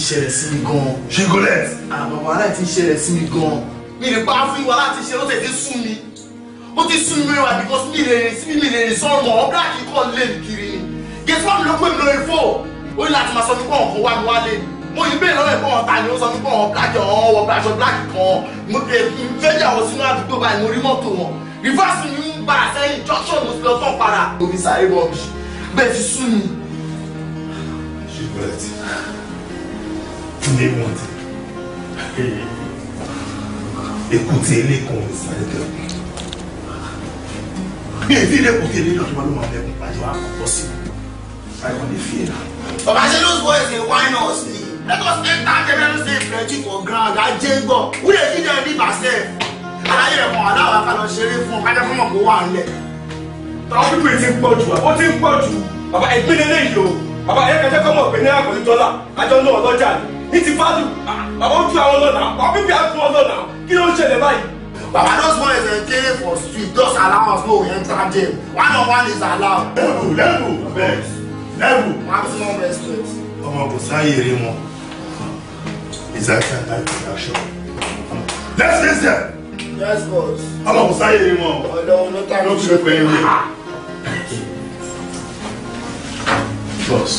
ṣẹlẹ̀ sí mi gan. ṣe gọlẹ̀. àmọ́ wàhálà ti ń ṣẹlẹ̀ sí mi gan. mi lè pa fún wàhálà ti ṣe ló tẹ̀ ti sún mi ó ti sún mi wá because mi lè sí mi lè sọ̀rọ̀ ọ̀bùrà kì í kọ́ lé mi kiri ni. gẹ̀ẹ́sì wọn ló pè mí lórí fò ó ní láti máa sọ nípa ọ̀kan wá mi wá lé mo yí bẹ́ẹ̀ lọ́rẹ̀ fún ọ̀tá ni ó sọ nípa ọ̀ black ọ̀ wọ black black kan mo lè fẹ́ yàwó sínú àdúgbò báyìí mo rí mọ́tò wọn reverse mi ń bá a sẹ́yìn junction mo sì lọ fọ́ para. omi sáré bọ̀ mi bẹ́ẹ̀ ti sún mi. ṣùgbọ́n ẹ ti ilé wọn ti èkúté ilé kan ìsàlẹ̀ bí èdè ilé kùtì ilé náà tó máa ló máa lẹ́kùn àjọ àkọ́kọ́ sí i àìwọ̀n ní fìlà. Bàbá ṣe ló ń bọ̀ ẹ̀sìn wine us ni let us take enter general safe plenty for ground ajé gbọ̀ wí lè dídẹ̀ ní myself aláyé rẹ̀ mọ̀ aláwọ̀ aká lọ ṣeré fún ọ kájá fún ọkọ̀ wà nílẹ̀. Táwọn pípé ti ń pọ̀ jù ó ti ń pọ̀ jù bàbá ẹ̀gbìn lélẹ́yìí o bàbá ẹ̀kẹ́jẹ́ kọ́mọ̀ pé náírà kò I don't know. I don't know ní ti fájú ah, bàbá ó ju àwọn lọ́nà wà pípẹ́ àtún ọ lọ́nà kí ló ń ṣẹlẹ̀ báyìí. bàbá just want to entertain for street just allow us know we enter jail one on one is allowed. level level vex level. maximum respect. ọmọ kò sáyè rí wọn is that time time production let's face them. yes boss. ọmọ kò sáyè rí wọn. ọ̀dọ́ ọ̀dọ́ tá a ló ṣe pé ẹni. Ah. boss.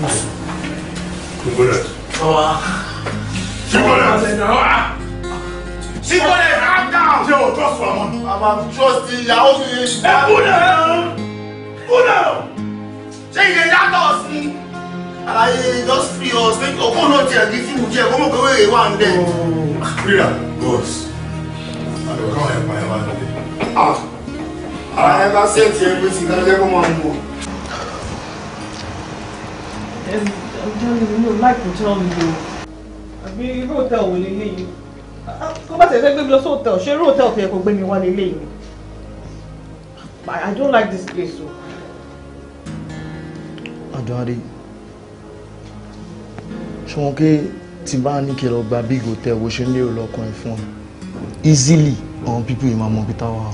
boss. Congrats. Síbọ̀lẹ̀ you calm down. Ṣé o trust for money? I'm am trust in ìyàwó mi. Ẹ kú náà! Kú náà! Ṣé ìyẹn yàtọ̀ sí? Àlàyé just free us make ọkọ náà tiẹ̀ di fíìmù jẹ́ kó mọ̀ pé wéèrè wà ń dẹ̀. Rírà bọ́ọ̀sì. Àdùkọ́ ẹ̀ pa ẹ̀ wá lóde. Ara ẹ bá ṣèǹtì ẹ̀ pé ti ìdájọ́ kó máa ń bọ̀. I'm telling you, mi ò like tell yìí o. Àbí irú hotel wo leléyìí? Kó bá tẹ̀sẹ̀ gbé mi lọ sí hotel, ṣé irú hotel tó yẹ kó gbé mi wá leléyìí ni? I don't like this place o. Àjọ̀hádé, ṣé wọn ké tí bá ní kí lọ gba big hotel wo ṣe ń lérò lọ́kùnrin fún ọ? Easily, àwọn pípé yìí máa mọ bí táwa.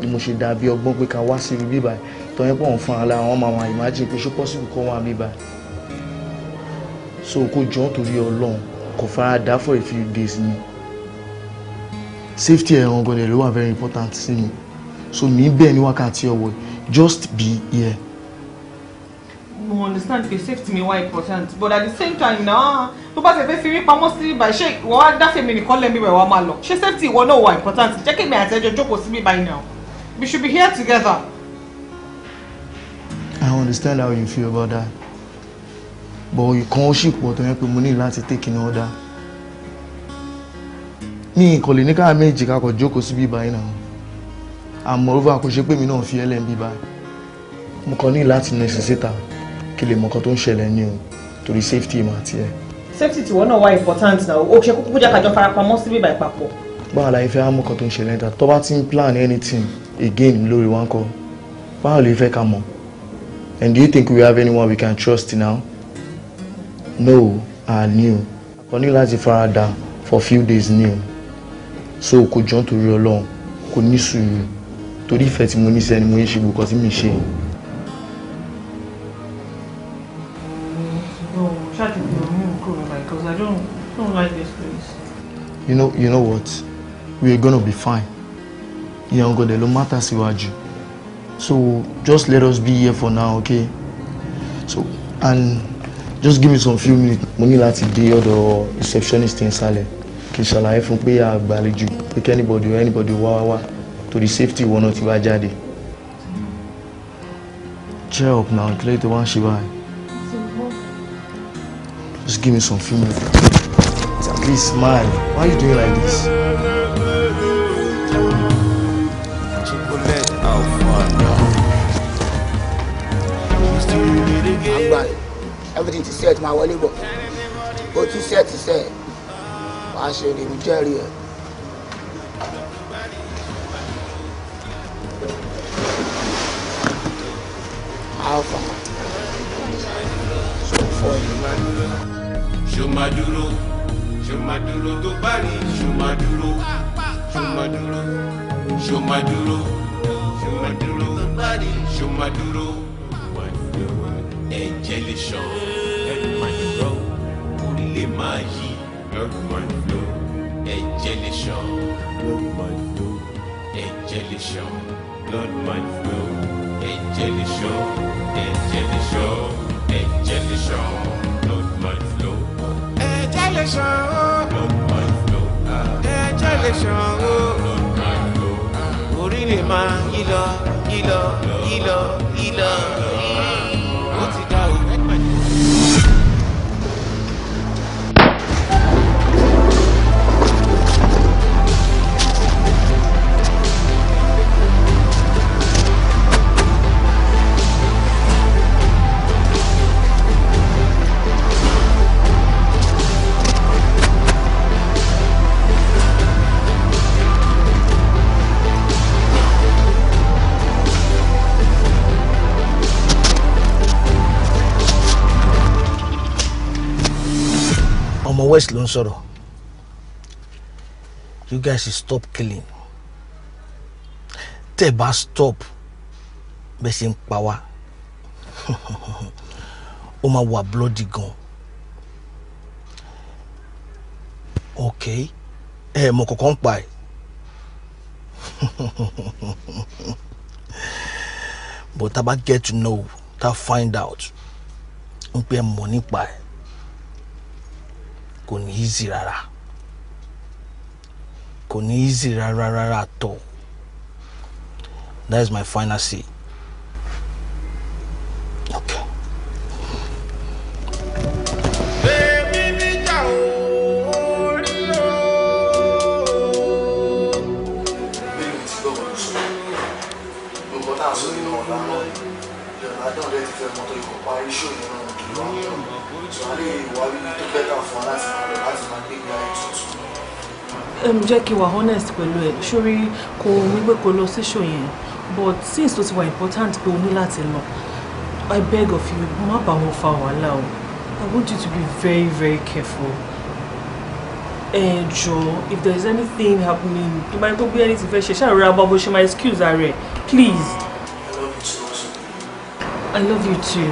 Ni mo ṣe dàbí ọgbọ́n pé ká wá sí ibi tọ́ yẹn pọ̀ ń fún ara wọn máa imagine pé ṣé kọ́ wọn àbíbá so kò jọ́ torí ọlọ́run kò fara dá for a few days ni safety ẹ̀rọ ọgbọ̀n ló wà very important sí mi so mi bẹ́ẹ̀ ní wákàtí ọwọ́ just be here. mo understand pé safety mi wá important but at the same time náà tó bá ṣe fẹ́ fi rí pamọ́ sí ibà ṣé ìwọ wá dáṣẹ́ mi nìkan lẹ́mí rẹ̀ wá máa lọ ṣé safety ìwọ náà wà important jẹ́ kí èmi àti ẹjọ́ jókòó sí mi báyìí náà we should be here together. I understand how you feel about that but you ó sì pọ̀ tó yẹn pé mo ní láti take in order ní ìkọ̀lé ní káà méjì kakọ̀ jókòó sí bíbá yìí àmọ́ over àkóṣe pé mi náà fi ẹlẹ́n bíbá mo kàn ní láti nà ẹsẹ̀ síta kí lè mọ̀kan tó ń ṣẹlẹ̀ ní o torí safety mà ti ẹ̀. safety tiwọn náà wá important na o ṣe kúkú jẹ́ kájọ farapamọ́ sí bíbá ìpapọ̀. báwo la ìfẹ́ amúkan tó ń ṣẹlẹ̀ níta tó ti ń plan anything again lórí wa ń kọ báwo lè fẹ́ ká mọ̀. And do you think we have anyone we can trust now? No, I knew. Ó ní láti farada for few days ni So kò jọ́ nítorí Ọlọ́run, kò ní sùúrù. Torí ìfẹ́ tí mo ní sẹ́ni mo ń ṣe gbogbo tí mi ṣe. You know, you know what? We are gonna be fine. Ìyá ọgọ́dẹ ló mátà síwájú. So just let us be here for now, okay? So and just give me some few minutes. Mo ní láti dé ọ̀dọ̀ receptionist in Sale. Kì í ṣàlàyé fún pé àgbàlejò pé anybody or anybody wá wá to the safety wọn náà ti wá jáde. Cheer up now, clear the one she buy. Just give me some few minutes. At least smile. Why are you doing like this? set máa wọlé bọ̀ o tún set sẹ́ wàá ṣe lèmi jẹ́rìí ẹ̀. alpha so for you. ṣòmàdúró ṣòmàdúró tó bá rí ṣòmàdúró ṣòmàdúró ṣòmàdúró ṣòmàdúró tó bá rí ṣòmàdúró ẹ̀jẹ̀ lè ṣàn. máa yí lọ́gbọ̀n ló ẹ̀jẹ̀ lè flow, lọ́gbọ̀n ló ẹ̀jẹ̀ lè ṣàn lọ́gbọ̀n ló ẹ̀jẹ̀ lè ṣàn ẹ̀jẹ̀ lè ṣàn ẹ̀jẹ̀ lè ṣàn lọ́gbọ̀n ló ẹ̀jẹ̀ lè ṣàn lọ́gbọ̀n ló ẹ̀jẹ̀ lè ṣàn lọ́gbọ̀n ló orí lè máa yí lọ yí lọ yí lọ yí lọ. west ló you guys should stop killing tẹ́ ẹ bá stop bẹ́ẹ̀ ṣe ń pa wá ó máa wà bloody gan ok ẹ ẹ mọ̀ kọ̀ọ̀kan pa ẹ̀ but tá a bá get to know tá a find out ń pẹ́ mọ̀ nípa ẹ̀ kò ní easy rárá kò ní easy rárá rárá at that is my final say okay. jẹ́ kí wà honest pẹ̀lú ẹ̀ sórí kò wípé kò lọ sí show yẹn but since tó ti wà important pé o ní láti lọ i beg of you má bá wọn fa wàhálà o i want you to be very very careful ẹ jọ̀ọ́ if there is anything happening tó bá yẹ kó gbé anything fẹ́ ṣe ṣàròyìn àbá bó ṣe máa excuse ààrẹ please. I love you too.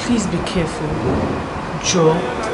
Please be careful. Joe.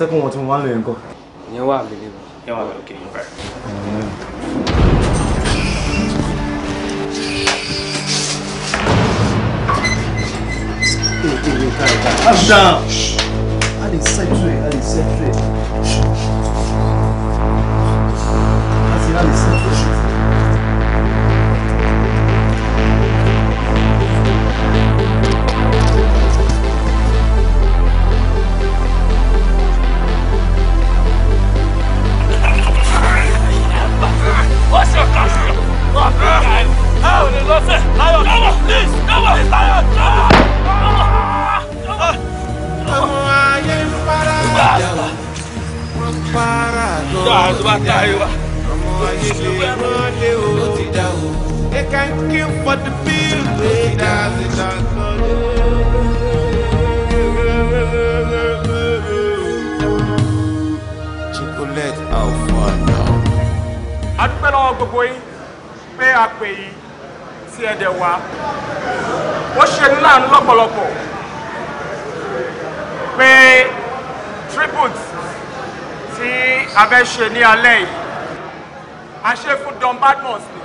再跟我从外面过。ní alẹ́ yìí a ṣe fún Don Badmus ni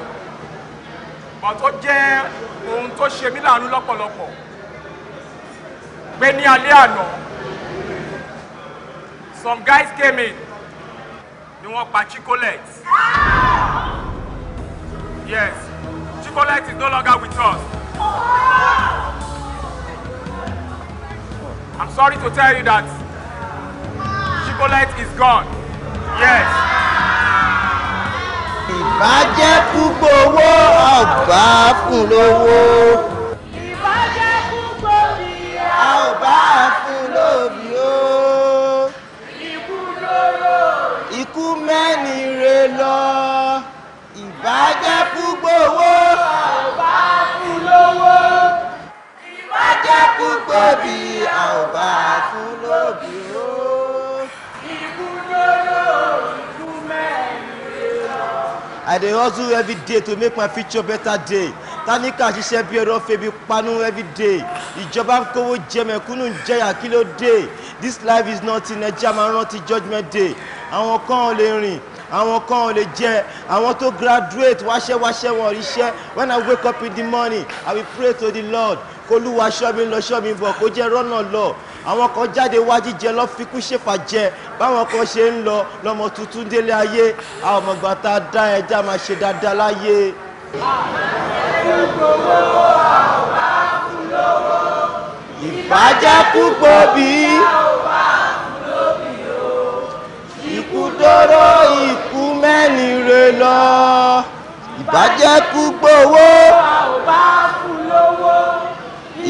bọ̀ tó jẹ́ ohun tó ṣe mí láàánú lọ́pọ̀lọpọ̀ pé ní alẹ́ àná some guys came in ni wọ́n pa Chicolette yes Chicolette is no longer with us. I'm sorry to tell you that Chicolette is gone. Yes. Ìbájẹ́ púpọ̀ owó ọ̀gbá fún lówó. Ìbájẹ́ púpọ̀ bí a ò bá fún lóbi o. Ikú lóró. Ikú mẹ́ni re lọ. Ìbájẹ́ púpọ̀ owó ọ̀gbá fún lówó. Ìbájẹ́ púpọ̀ bí a ò fún lóbi o. i dey hustle every day to make my future better day táníkà ṣiṣẹ́ bí ẹ̀rọ febi panu every day ìjọba ń kówó jẹ mẹ̀kúnnù ń jẹyà kí ló dé this life is nothing nàìjíríà máa rántí judgement day àwọn kan ò lè rìn àwọn kan ò lè jẹ àwọn tó graduate wáṣẹ́ wáṣẹ́ wọn ríṣẹ́ when i wake up in the morning i will pray to the lord k'Olúwa ṣọ́ mi lọ ṣọ́ mi bọ̀ kó jẹ́ rọ́nà lọ àwọn kan jáde wá jíjẹ lọ fikú ṣèfàjẹ báwọn kan ṣe ń lọ lọmọ tuntun délé ayé àwọn ọmọọgbà tá a dá ẹja máa ṣe dáadáa láyé. ìbàjẹ́ kú gbòbí ikú dóró ikú mẹ́ni re lọ ìbàjẹ́ kú gbowó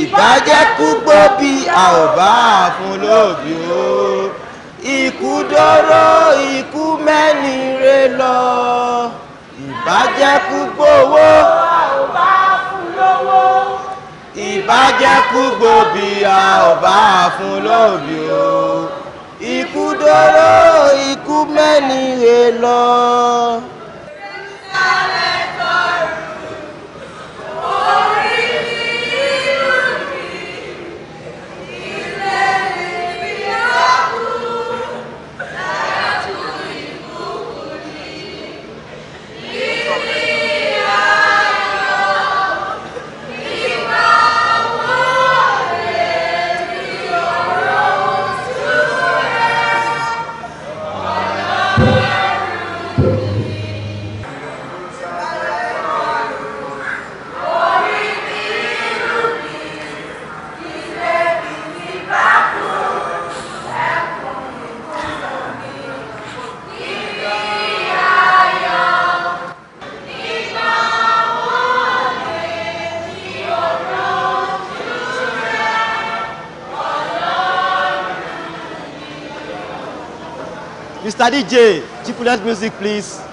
ìbájẹ́ kú gbó bí a ò bá fún lóbi o ikú dóró ikú mẹ́ni re lọ ìbájẹ́ kú gbówó a ò bá fún lówó kú gbó bí a ò bá fún lóbi o ikú dóró ikú mẹ́ni lọ. Mr. DJ, G Music, please.